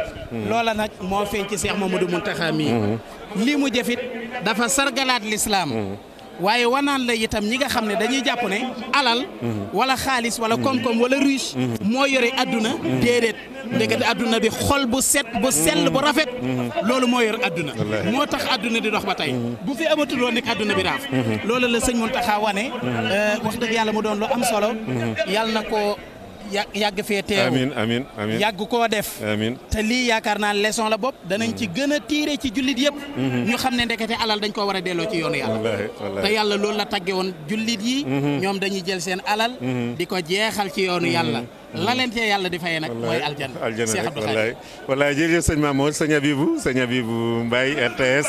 loola nag moo feeñ ci Seex Mamadu Muntaxa mii. lii mu jëfit dafa sargalaat lislaam waaye wanaan la itam ñi nga xam ne dañuy jàpp ne alal wala xaalis wala koom-koom wala riche moo yore adduna déedéet ndekete adduna bi xol bu set bu sell bu rafet loolu moo yor adduna moo tax adduna di dox ba tey bu fi amatuloon nekk adduna bi daaf mm-hmm. loolu la sëñ Mountakha wane mm-hmm. euh, wax dëgg yàlla mu doon lu am solo mm-hmm. yàlla na ko yàgg fee teew amiin amiin amiin yàgg koo def amiin te lii yaakaar naa leçon la bopp danañ ci mm-hmm. gën a tiire ci jullit yëpp mm-hmm. ñu xam ne ndekete alal dañ ko war a delloo ci yoonu yàlla te yàlla loolu la tagge woon jullit yi mm-hmm. ñoom dañuy jël seen alal di ko jeexal ci yoonu yàlla la leen cee yàlla di fayee nag mooy aljana aljana wallaay wallaay jërëjëf sëñ Mamour sëñ Abibou sëñ Abibou Mbaye RTS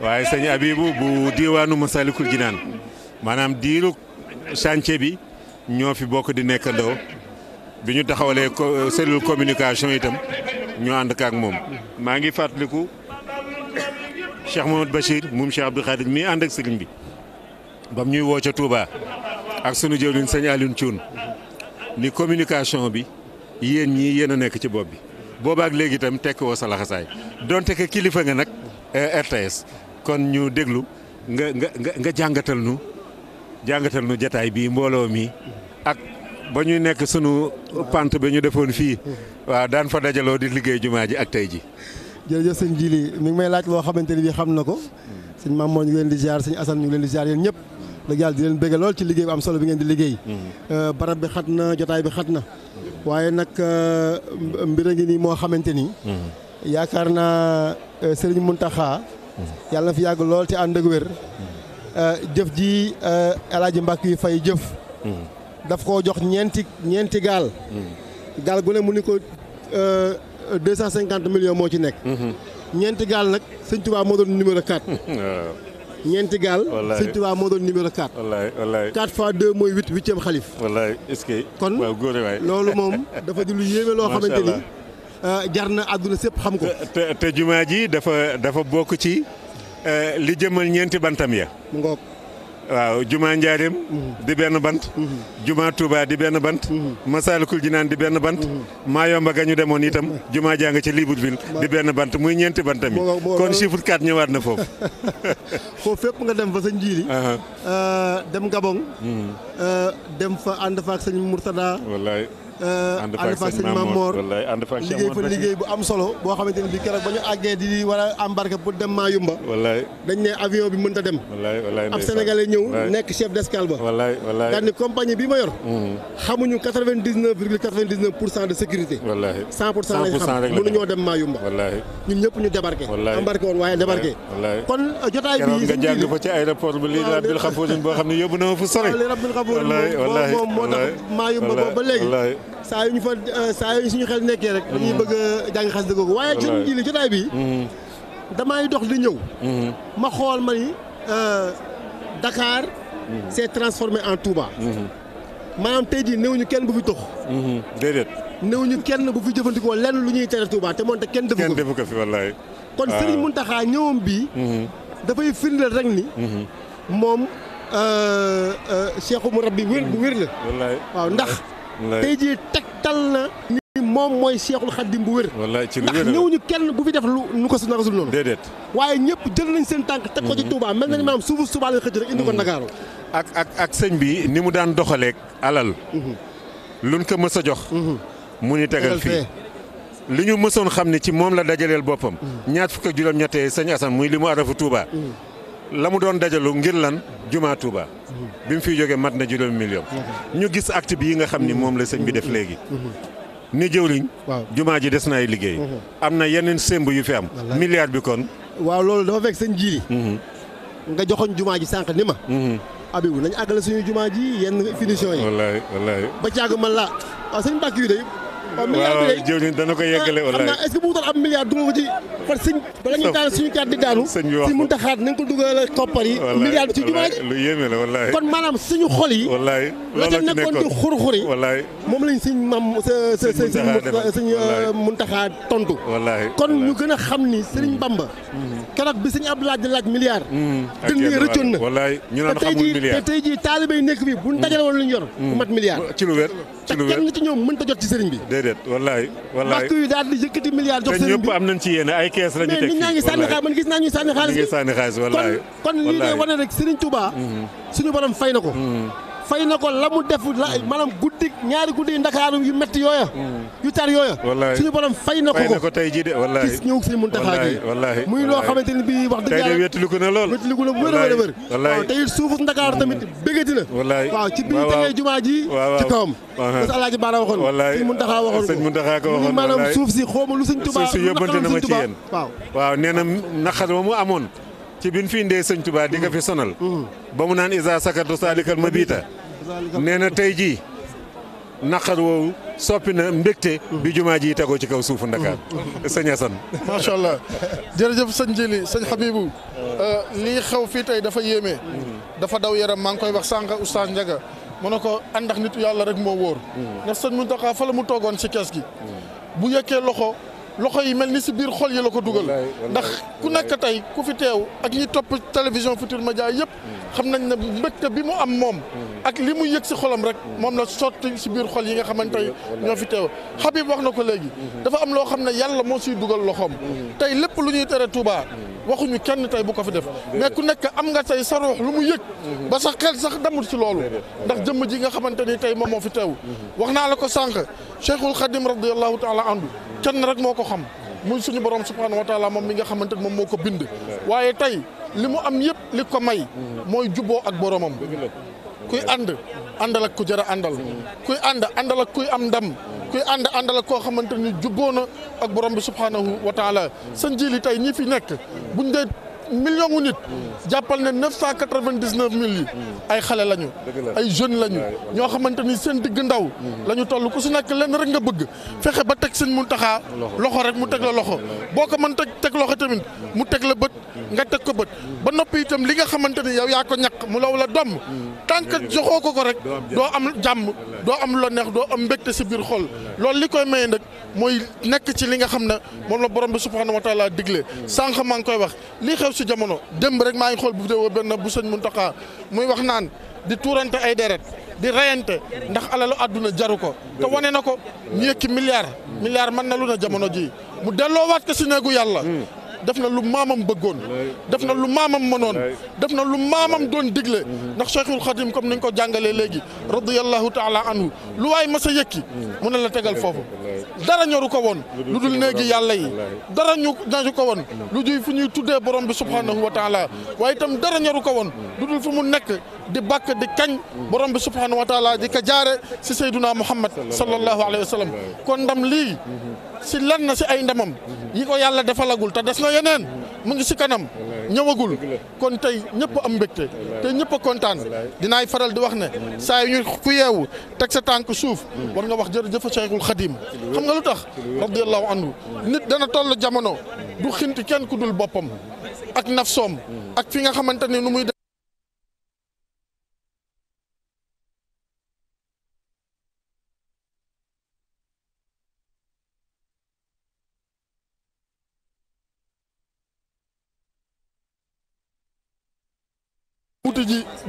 waaye sëñ Abibou bu diwaanu Masalikul Jinaan maanaam diiru chantier bi ñoo fi ko di nekkandoo bi ñu taxawalee euh, cellule communication itam ñu ànd ak moom. maa ngi fàttaliku Cheikh Mouhamed Bachir moom Cheikh Abdou Khadir mii ànd ak sëriñ bi ba ñuy woo ca Touba ak sunu jëwriñ sëñ Alioune Thioune ni communication bi yéen ñi yéen a nekk ci bopp bi. boobaak léegi itam tekk woo sa laxasaay donte que kilifa nga nag eh, RTS kon ñu déglu nga nga nga jàngatal nu jàngatal nu jataay bii mbooloo mi ak. ba ñuy nekk sunu pant bi ñu defoon fii waaw daan fa dajaloo di liggéey jumaa ji ak tey ji jërëjëf sëñ Jili mi ngi may laaj loo xamante ni bii xam na ko sëñ Mamour ñu ngi leen di ziar sëñ Assane ñu ngi leen di ziar yéen ñëpp dëgg yàlla di leen bëgg lool ci liggéey bu am solo bi ngeen di liggéey mm-hmm. uh, barab bi xat na jotaay bi xat na waaye nag uh, mbir a ngi nii moo xamante ni mm-hmm. yaakaar naa uh, Serigne Mountakha mm-hmm. yàlla na fi yàgg lool ci ànd ak wér jëf ji El Hadj yi fay jëf daf koo jox ñeenti ñeenti gaal. gaal gu ne mu ni ko euh, deux cent cinquante millions moo ci nekk. Mhm. ñeenti gaal nag sëñ Tuubaa moo doon numéro 4. ñeenti gaal. wallaay sëñ moo doon numéro 4. wallaay wallaay 4 fois 2 mooy 8 huitième xalif. wallaay est-ce que. kon loolu moom dafa di lu yéeme loo xamante ni. Euh, jar na àdduna sépp xam ko. te te jumaa ji dafa dafa bokk ci euh, li jëmal ñeenti bantam ya. mu waaw jumaa njaareem mhm. di benn bant mhm. juma Touba di benn bant mhm. Masaalikul Jinaan di benn bant maa yomba ga ñu demoon itam juma jàng ci Libreville di benn bant muy ñeenti bant mi kon chiffre 4 ñëwaat na foofu foofu fépp nga dem fa sa njiili euh, dem Gabon euh, dem fa ànd fa ak sëñ Euh, ànd fa sëñ Mamor liggéey fa liggéey bu am solo boo xamante ne bi keroog ba ñu àggee di war a embarqué pour dem Mayumba dañ ne avion bi mënta dem ab sénégalais ñëw nekk chef d'escale ba daal ni compagnie bi ma yor mm-hmm. xamuñu quatre-vingt-dix-neuf virgule quatre-vingt-dix-neuf pour cent de sécurité cent pour cent lañ xam mënuñoo dem Mayumba ñun ñëpp ñu débarqué embarqué woon waaye débarqué kon euh, jotaay bi nga jàng fa ci aéroport bi lii laa bil boo xam ne yóbbu na ma fu sori saa yu ñu fa euh, saa yu suñu xel nekkee rek. dañuy bëgg a jàng xas dëgg waaye ci ji li jotaay bi. Mhm. damay dox di ñëw. Mhm. ma xool ma ni euh, Dakar. s'est mhm. transformé en Touba. maanaam tey jii néew ñu kenn bu fi tox déedéet. ñu kenn bu fi jëfandikoo lenn lu ñuy tere Touba te moonte kenn. defu ko fi kenn defu ko fi wallaay. kon ah. Serigne Mountakha ñëwam bii. dafay firndeel rek ni. moom euh, Cheikhu bi wér bu wér la. waaw ndax. tey jii tegtal na ni moom mooy Seexul Xaddim bu wér ndax ñëwuñu kenn bu fi def lu nu ko su nakasul noonu déedéet waaye ñëpp jël nañ seen tànk teg ko ci mhm. Touba mel na ni mhm. maanaam suufu Touba lañ xëcc rek indi ko mhm. Ndakaaru ak ak ak sëñ bi ni mu daan doxaleek alal luñ ko mës a jox mu ni tegal fii li ñu mësoon xam ne ci moom la dajaleel boppam ñaar fukk ak juróom-ñette sëñ Assane muy li mu arafu tuubaa la mu doon dajalu ngir lan jumaa Touba. bi mu fiy jógee mat na juróomi million. ñu gis acte yi nga xam ni mm-hmm. moom la sëñ bi def mm-hmm. léegi. Mm-hmm. ni jëwriñ. waaw jumaa ji des na ay liggéey. am na yeneen sémb yu fi am. milliard bi kon. waaw loolu dafa fekk sëñ ji. nga joxoon jumaa ji sànq ni ma. abiwu nañu àggale suñu jumaa ji yenn finition yi. wallaay wallaay. ba caag man la waaw sëñ Mbacke yu de. waaw jëw ni dana ko yeggale wala xam naa est-ce que bu wutal ab milliard dugal ko ci par sëñ bala ñuy daanu suñu kaat di daanu si mun nañ ko dugal koppar yi milliard bi ci jumaa ji lu yéeme la wallaay kon maanaam suñu xol yi wallaay nekkoon di xur-xur moom lañ sëñ mam sa sa sa sëñ mun taxaa euh, tontu wallaay kon ñu gën a xam ni sëriñ mm. Bamba mm-hmm. keroog bi sëñ ab laaj di laaj milliard mm. dënd yi rëccoon na ñu naan xamul milliard te tey jii taalibe yi nekk bi bu ñu dajale woon yor mm. mat milliard ci lu wér bi déedéet wallaay wallaay waxtu yu daal di yëkkati milliard jox sëriñ bi ñëpp am nañ ci yéene ay kees la ñu teg fii mais nit ñaa ngi sànni xaalis man naa ñuy sànni xaalis. ñu ngi kon kon lii lay wane rek Serigne Touba. Mhm. suñu borom fay na ko. Mhm. fay na ko la mu def maanaam guddi ñaari guddi yu ndakaaru yu metti yooya mm. yu tar yooya suñu borom fay na ko ko tey jii de wallaahi gis ñëw si mun taxaagi muy loo xamante ni bii wax dëgg yàlla wéttaliku na lool wéttaliku na wér a wér waaw tey suufu ndakaaru mm. tamit bëggati na waaw ci bi ñu tegee jumaa ji ci kawam parce que alaaji baara waxoon sëñ Muntaxa waxoon sëñ Muntaxa ko waxoon maanaam suuf si xooma lu sëñ Tuubaa suuf si yóbbante na ma ci yéen waaw waaw nee na naqar ba amoon ci bin fi indee sëñ Tuubaa di nga fi sonal ba mu naan isa sakatu saalikal mabita nee na tey jii naqar woowu soppi na mbégte bi jumaa ji tegoo ci kaw suufu Ndakaar sëñ Asan macha allah jërëjëf sëñ Jili sëñ Habibu mm-hmm. euh, lii xew fii tey dafa yéeme mm-hmm. dafa daw yaram maa ngi koy wax sànq oustaz Ndiaga mu ne ko àndax nitu yàlla rek moo wóor mm-hmm. ndax sëñ Muntaxa fa la mu toogoon ci kees gi bu yëkkee loxo loxo yi mel ni si biir xol yi la ko dugal ndax ku nekk tey ku fi teew ak ñi topp télévision Futurs Médias yëpp mm. xam nañ ne mbégte bi mu am moom mm. ak li mu yëg si xolam rek moom la sotti si biir xol yi nga xamante ni ñoo fi teew Habib wax na ko léegi dafa am loo xam ne yàlla moo siy dugal loxoom tey lépp lu ñuy tere Touba waxuñu kenn tey bu ko fi def mais ku nekk am nga tey sa ruux lu mu yëg ba sax xel sax demul ci loolu ndax jëmm ji nga xamante ni tey moom moo fi teew wax naa la ko sànq Cheikhul Khadim radiallahu taala andu kenn rek moo ko xam muy suñu borom subhanahu wa taala moom mi nga xamante ni moom moo ko bind waaye tey li mu am yëpp li ko may mooy juboo ak boromam kuy ànd àndal ak ku jar a àndal kuy ànd àndal kuy am ndam kuy ànd àndal koo xamante ni jubboo na ak borom bi subhaanahu wa taala seen tey ñi fi nekk buñ dee million wu nit jàppal ne neuf cent quatre-vingt-dix-neuf mille yi ay xale lañu ay jeunes lañu ñoo xamante ni seen digg ndaw la ñu toll ku su nekk lenn rek nga bëgg fexe ba teg seen sëñ Muntaxa loxo rek mu teg la loxo boo ko man teg teg loxo tamit mu teg la bët nga teg ko bët ba noppi itam li nga xamante ni yow yaa ko ñaq mu law la domm tànk joxoo ko ko rek doo am jàmm doo am lo neex doo am mbégte si biir xol loolu li koy maye nag mooy nekk ci li nga xam ne moom la borom bi subhanahu wa taala digle sànq maa ngi koy wax si jamono démb rek maa ngi xool bu vidéo benn bu sëñ Mountakha muy wax naan di tuurante ay deret di reyante ndax alalu àdduna jaru ko te wane na ko ñu yëkki milliard milliard mën na lu na jamono ji mu delloowaat ko si néegu yàlla def na lu maamam bëggoon def na lu maamam mënoon def na lu maamam doon digle ndax Cheikhul Khadim comme niñ ko jàngalee léegi radiyallahu taala anhu lu waay mas a yëkki mu ne la tegal foofu dara ñoru ko woon lu dul néegi yàlla yi dara ñu ko woon lu dul fu ñuy tuddee borom bi subhanahu wa taala waaye itam dara ñoru ko woon lu dul fu mu nekk di bakk di kañ borom bi subhanahu wa taala di ko jaare si sayduna muhammad sallallahu alayhi wa sallam kon ndam lii si lan na si ay ndamam yi ko yàlla defalagul te des na yeneen mu ngi si kanam ñëwagul kon tey ñëpp am mbégte te ñëpp kontaan dinaay faral di wax ne saa yu ñu ku yeewu teg sa tànk suuf war nga wax jërëjëf Cheikhul Khadim xam nga lu tax radiyallahu anhu nit dana toll jamono du xinti kenn ku dul boppam ak nafsoom ak fi nga xamante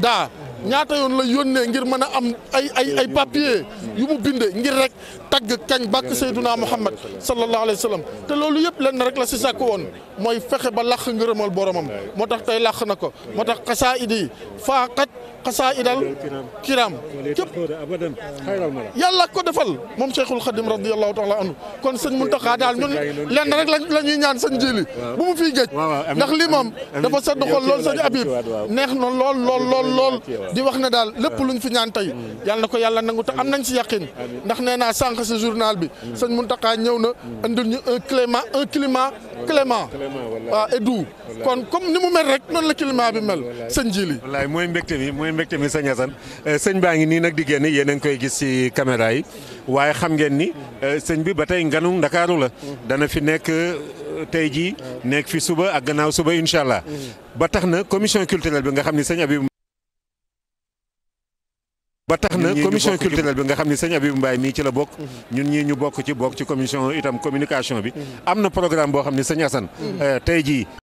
da ñaata yoon la yónnee ngir mën a am ay ay ay papier yu mu bindee ngir rek tagg kañ bàkk Seyduna Muhammad sallallahu alayhi wa sallam te loolu yëpp lenn rek la si sàkk woon mooy fexe ba làq ngërëmal boromam moo tax tey làq na ko moo tax xasaayid yi faaqat xasaayidal kiram képp yàlla ko defal moom Cheikhul Khadim radiyallahu taala anhu kon sëñ Muntaxa daal ñun lenn rek la ñuy ñaan sëñ jili bu mu fiy géej ndax lii moom dafa sedd xol lool sëñ Habib neex na lool lool lool lool di wax na daal lépp luñ fi ñaan tey yàlla na ko yàlla nangu te am nañ si yàqin ndax nee naa sànq si journal bi sëñ Mountakha ñëw na andil ñu un climat un climat clément waaw et doux kon comme ni mu mel rek noonu la climat bi mel sëñ ji mooy mbégte mi mooy mbégte mi sëñ Assane eh, sëñ baa ngi nii nag di génn yéen ngi koy gis ci caméra yi waaye xam ngeen ni eh, sëñ bi ba tey nganu ndakaaru la dana fi nekk eh, tey jii nekk fi suba ak gannaaw suba incha allah ba tax na commission culturelle bi nga xam ni sëñ ba tax na commission culturelle bi nga xam ne sëñ Abibou Mbaye mii ci la bokk mhm. ñun ñii ñu bokk ci bokk ci commission itam communication bi mhm. am na programme boo xam ne sëñ Assane mhm. euh, tey jii